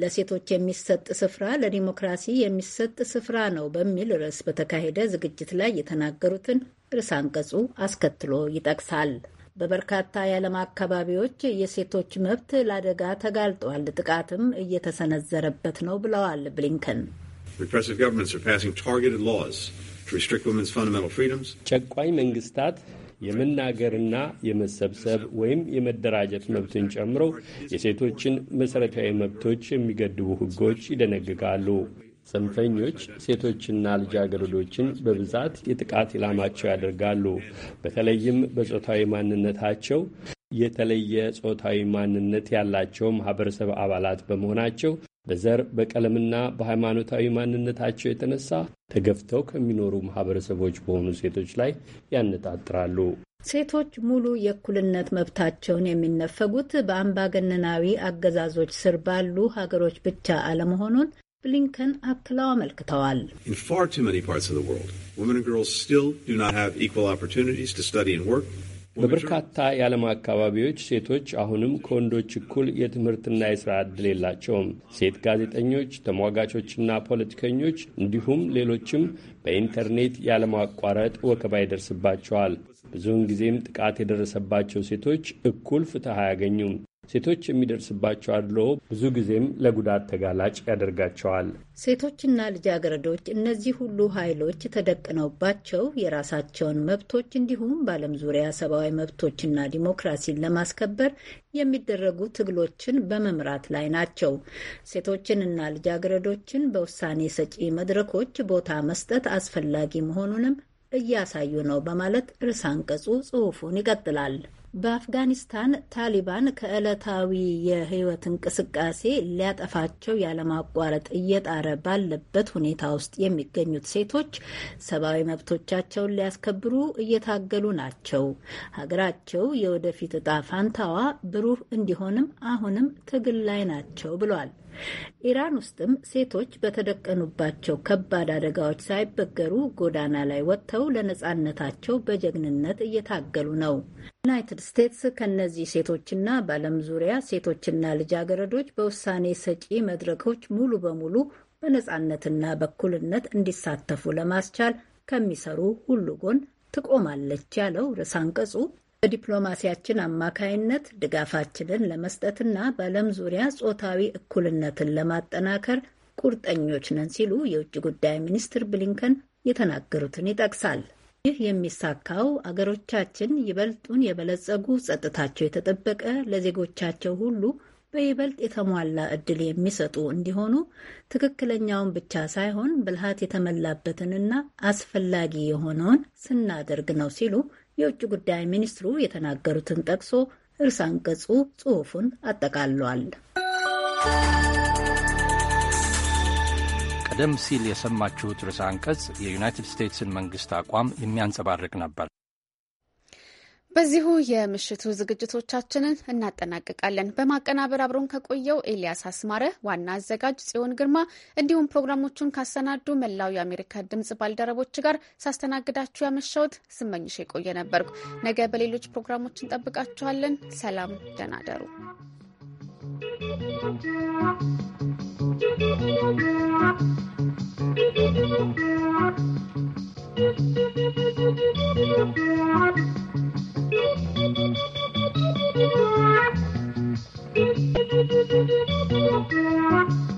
ለሴቶች የሚሰጥ ስፍራ ለዲሞክራሲ የሚሰጥ ስፍራ ነው በሚል ርዕስ በተካሄደ ዝግጅት ላይ የተናገሩትን ርዕስ አንቀጹ አስከትሎ ይጠቅሳል። በበርካታ የዓለም አካባቢዎች የሴቶች መብት ለአደጋ ተጋልጧል፣ ጥቃትም እየተሰነዘረበት ነው ብለዋል ብሊንከን። ጨቋኝ መንግስታት የመናገርና የመሰብሰብ ወይም የመደራጀት መብትን ጨምሮ የሴቶችን መሠረታዊ መብቶች የሚገድቡ ሕጎች ይደነግጋሉ። ጽንፈኞች ሴቶችና ልጃገረዶችን በብዛት የጥቃት ኢላማቸው ያደርጋሉ። በተለይም በጾታዊ ማንነታቸው የተለየ ጾታዊ ማንነት ያላቸው ማህበረሰብ አባላት በመሆናቸው በዘር በቀለምና በሃይማኖታዊ ማንነታቸው የተነሳ ተገፍተው ከሚኖሩ ማህበረሰቦች በሆኑ ሴቶች ላይ ያነጣጥራሉ። ሴቶች ሙሉ የእኩልነት መብታቸውን የሚነፈጉት በአምባገነናዊ አገዛዞች ስር ባሉ ሀገሮች ብቻ አለመሆኑን ብሊንከን አክለው አመልክተዋል። በበርካታ የዓለም አካባቢዎች ሴቶች አሁንም ከወንዶች እኩል የትምህርትና የሥራ ዕድል የላቸውም። ሴት ጋዜጠኞች፣ ተሟጋቾችና ፖለቲከኞች እንዲሁም ሌሎችም በኢንተርኔት ያለማቋረጥ ወከባ ይደርስባቸዋል። ብዙውን ጊዜም ጥቃት የደረሰባቸው ሴቶች እኩል ፍትሕ አያገኙም። ሴቶች የሚደርስባቸው አድሎ ብዙ ጊዜም ለጉዳት ተጋላጭ ያደርጋቸዋል። ሴቶችና ልጃገረዶች እነዚህ ሁሉ ኃይሎች ተደቅነውባቸው የራሳቸውን መብቶች እንዲሁም በዓለም ዙሪያ ሰብአዊ መብቶችና ዲሞክራሲን ለማስከበር የሚደረጉ ትግሎችን በመምራት ላይ ናቸው። ሴቶችንና ልጃገረዶችን በውሳኔ ሰጪ መድረኮች ቦታ መስጠት አስፈላጊ መሆኑንም እያሳዩ ነው በማለት ርዕሰ አንቀጹ ጽሑፉን ይቀጥላል። በአፍጋኒስታን ታሊባን ከዕለታዊ የህይወት እንቅስቃሴ ሊያጠፋቸው ያለማቋረጥ እየጣረ ባለበት ሁኔታ ውስጥ የሚገኙት ሴቶች ሰብአዊ መብቶቻቸውን ሊያስከብሩ እየታገሉ ናቸው። ሀገራቸው የወደፊት እጣ ፋንታዋ ብሩህ እንዲሆንም አሁንም ትግል ላይ ናቸው ብሏል ኢራን ውስጥም ሴቶች በተደቀኑባቸው ከባድ አደጋዎች ሳይበገሩ ጎዳና ላይ ወጥተው ለነጻነታቸው በጀግንነት እየታገሉ ነው። ዩናይትድ ስቴትስ ከእነዚህ ሴቶችና በዓለም ዙሪያ ሴቶችና ልጃገረዶች በውሳኔ ሰጪ መድረኮች ሙሉ በሙሉ በነጻነትና በኩልነት እንዲሳተፉ ለማስቻል ከሚሰሩ ሁሉ ጎን ትቆማለች ያለው ርዕሰ አንቀጹ በዲፕሎማሲያችን አማካይነት ድጋፋችንን ለመስጠትና በዓለም ዙሪያ ጾታዊ እኩልነትን ለማጠናከር ቁርጠኞች ነን ሲሉ የውጭ ጉዳይ ሚኒስትር ብሊንከን የተናገሩትን ይጠቅሳል። ይህ የሚሳካው አገሮቻችን ይበልጡን የበለጸጉ፣ ጸጥታቸው የተጠበቀ፣ ለዜጎቻቸው ሁሉ በይበልጥ የተሟላ እድል የሚሰጡ እንዲሆኑ ትክክለኛውን ብቻ ሳይሆን ብልሃት የተመላበትንና አስፈላጊ የሆነውን ስናደርግ ነው ሲሉ የውጭ ጉዳይ ሚኒስትሩ የተናገሩትን ጠቅሶ እርስ አንቀጹ ጽሑፉን አጠቃልሏል። ቀደም ሲል የሰማችሁት ርዕሰ አንቀጽ የዩናይትድ ስቴትስን መንግሥት አቋም የሚያንጸባርቅ ነበር። በዚሁ የምሽቱ ዝግጅቶቻችንን እናጠናቅቃለን። በማቀናበር አብሮን ከቆየው ኤልያስ አስማረ፣ ዋና አዘጋጅ ጽዮን ግርማ እንዲሁም ፕሮግራሞቹን ካሰናዱ መላው የአሜሪካ ድምጽ ባልደረቦች ጋር ሳስተናግዳችሁ ያመሻውት ስመኝሽ የቆየ ነበርኩ። ነገ በሌሎች ፕሮግራሞች እንጠብቃችኋለን። ሰላም፣ ደህና ደሩ። Thank you.